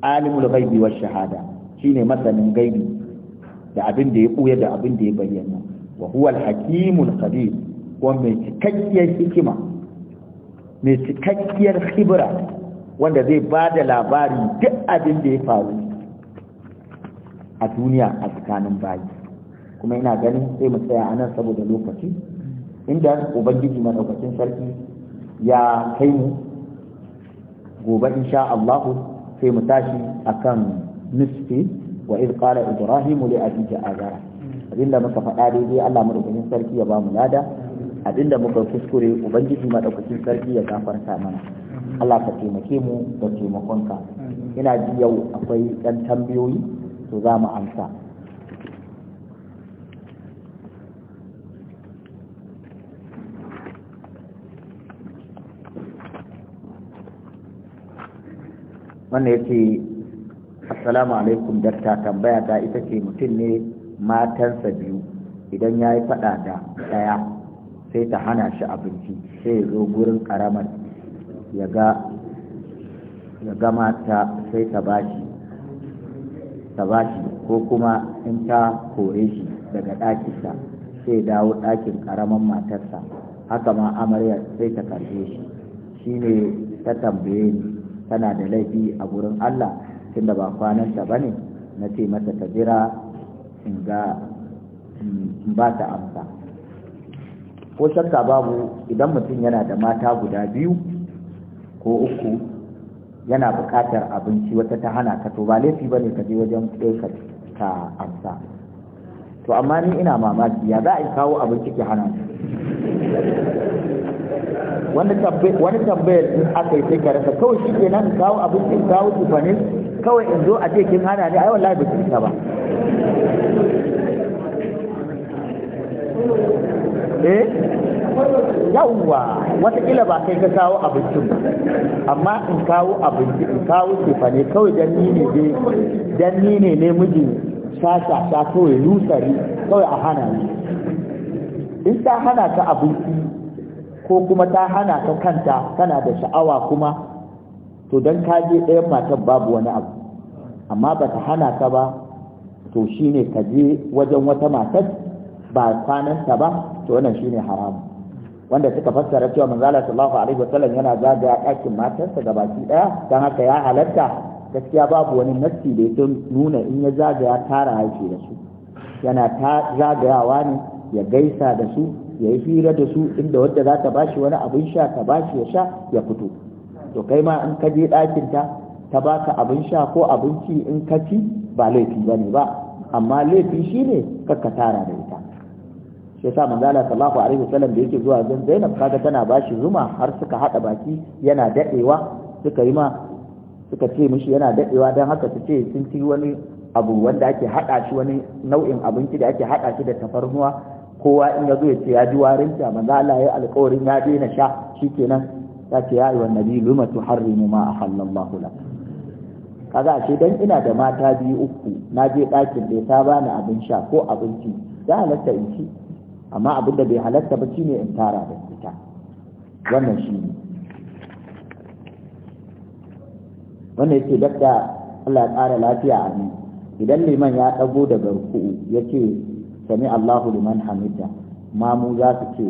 alimul ghaibi wash shahada shine masanin gaibi da abin da ya buya da abin da ya bayyana wa huwa al hakimul qadir wa mai cikakkiyar hikima mai cikakkiyar hibira wanda zai ba da labari duk abin da ya faru a duniya a tsakanin bayi kuma ina ganin sai mu tsaya anan saboda lokaci inda ubangiji madaukakin sarki ya kai mu gobe insha Allahu, sai mu tashi akan nisfi wa iz qala ibrahim li abihi azara abinda muka faɗa daidai Allah madaukakin sarki ya ba mu lada abinda muka kuskure ubangiji madaukakin sarki ya gafarta mana Allah ka taimake mu da taimakonka ina ji yau akwai ɗan tambayoyi to za mu amsa wannan ya ce assalamu alaikum dakta tambaya ta ita ce mutum ne matansa biyu idan ya yi faɗa da ɗaya sai ta hana shi abinci sai ya zo gurin karamar ya ga mata sai ta bashi ta ko kuma in ta kore shi daga ɗakinsa sai dawo ɗakin karamar matarsa haka ma amarya sai ta karbe shi shi ne ta tambaye ni tana da laifi a gurin Allah tunda ba kwananta ba ne na ce mata ta jira in ga in ba ta amsa ko shakka babu idan mutum yana da mata guda biyu ko uku yana buƙatar abinci wata ta hana ka to ba laifi ba ne ka je wajen ɗauka ka amsa to amma ni ina mamaki ya za a kawo abinci ki hana wani tambayar sun aka yi sai ka kawai shi ke nan kawo abinci kawo tufanin kawai in zo a ce kin hana ni a wallahi ba ba eh yawwa watakila ba kai ka kawo abincin ba amma in kawo abinci in kawo tefa ne kawai dan ni ne dai ne ne miji shasha ta kawai lusari kawai a hana ni in ta hana ka abinci ko kuma ta hana ka kanta kana da sha'awa kuma to dan ka je ɗayan matan babu wani abu amma ba ta hana ka ba to shine ka je wajen wata matar ba kwananta ba to wannan shine haramu wanda suka fassara cewa Allah sallallahu alaihi wasallam yana zagaya ɗakin matarsa baki ɗaya dan haka ya halatta gaskiya babu wani nassi da ya nuna in ya zagaya tara haifi da su yana ta zagayawa ne ya gaisa da su ya yi hira da su inda wadda za ta bashi wani abin sha ta bashi ya sha ya fito to kai ma in ka je ɗakin ta ta baka abin sha ko abinci in ka ci ba laifi bane ba amma laifi shine ka tara da ita sai sa manzo Allah sallallahu alaihi wasallam da yake zuwa gan Zainab kaga tana bashi zuma har suka hada baki yana dadewa suka yi ma suka ce mishi yana dadewa dan haka su ce sun ci wani abu wanda ake hada shi wani nau'in abinci da ake hada shi da tafarnuwa kowa in ya zo ya ce ya ji warinta manzo Allah ya alƙawarin ya daina sha shikenan ya ce ya ayyuhan nabi lima tuharrimu ma ahallallahu lak kaga ce dan ina da mata biyu uku na je ɗakin da ta bani abin sha ko abinci da halatta in ci amma abin da bai halatta ba shine in tara da ita wannan shi ne wannan yake dakta Allah ya ƙara lafiya a ni idan liman ya ɗago daga ruku'u ya ce sami Allahu liman hamida mamu za su ce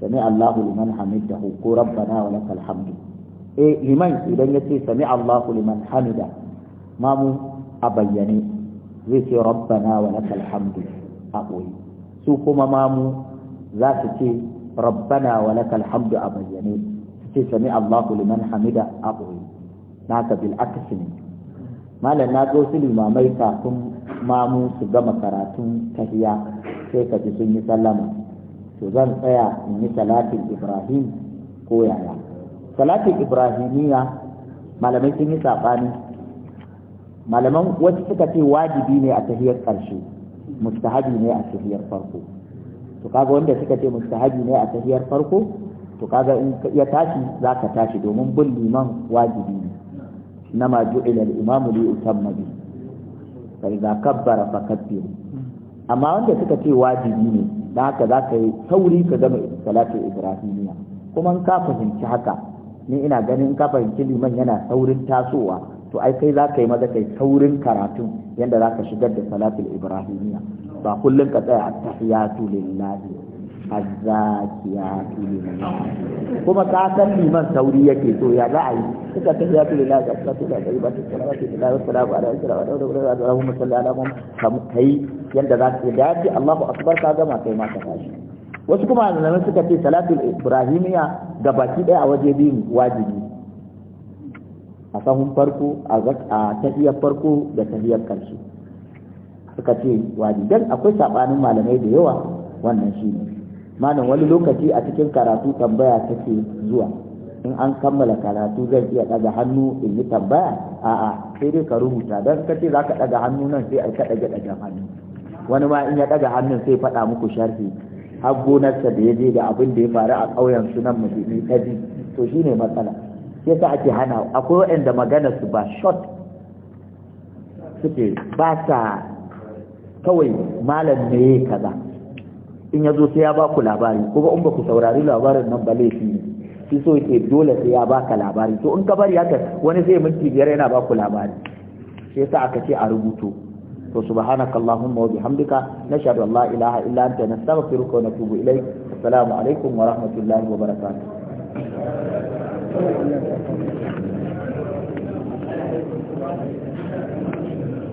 sami Allahu liman hamida ko rabbana wa lakal hamdu eh liman idan ya ce sami Allahu liman hamida mamu a bayyane zai ce rabbana wa lakal hamdu a koyi. su kuma mamu za su ce rabbana wa lakal alhamdu a bayyane su ce sami Allahu liman hamida a ɓoye naka bil aksi ne malam na zo su limamai kafin mamu su gama karatun tahiya sai ka ji sun yi sallama to zan tsaya in yi salatin ibrahim ko yaya salatin ibrahimiya malamai sun yi saɓani malaman wasu suka ce wajibi ne a tahiyar ƙarshe mustahabi ne a tahiyar farko to kaga wanda suka ce mustahabi ne a tahiyar farko to kaga in ya tashi za ka tashi domin bin liman wajibi ne na ma ju'ila al-imam li utamma bi fa idza kabbara fa kabbir amma wanda suka ce wajibi ne da haka za ka yi sauri ka gama salatu ibrahimiya kuma in ka fahimci haka ni ina ganin ka fahimci liman yana saurin tasowa to ai kai za ka yi maza kai saurin karatun yadda za ka shigar da salatul ibrahimiya ba kullum ka tsaya a tahiyatu lillahi azzakiyatu lillahi kuma ka san liman sauri yake so ya za a yi suka tahiyatu lillahi azzakiyatu lillahi ba ta salawatu lillahi wa salamu ala rasulillah wa ala alihi wa sallallahu alaihi wa sallam kai yadda za ka dace Allahu akbar ka gama kai ma ka tashi wasu kuma malamai suka ce salatul ibrahimiya ga baki daya a waje biyu wajibi a sahun farko a tafiyar farko da tafiyar karshe suka ce wajidan akwai saɓanin malamai da yawa wannan shi ne malam wani lokaci a cikin karatu tambaya take zuwa in an kammala karatu zan iya daga hannu in yi tambaya a'a sai dai ka rubuta don ka ce za ka daga hannu nan sai a kaɗa ɗage ɗagen hannu wani ma in ya daga hannun sai faɗa muku sharhi har gonarsa da ya je da abin da ya faru a ƙauyen sunan ne ta to shine matsala yasa ake hana akwai waɗanda magana su ba short suke ba sa kawai malam ne kaza in ya zo sai ya ba ku labari kuma in ba ku saurari labarin nan ba laifi ne shi so yake dole sai ya ba ka labari to in ka bari haka wani zai minti biyar yana ba ku labari sai yasa aka ce a rubuto to subhanakallahumma wa bihamdika nashhadu an la ilaha illa anta nastaghfiruka wa natubu ilayk assalamu alaikum wa rahmatullahi wa barakatuh Thank you.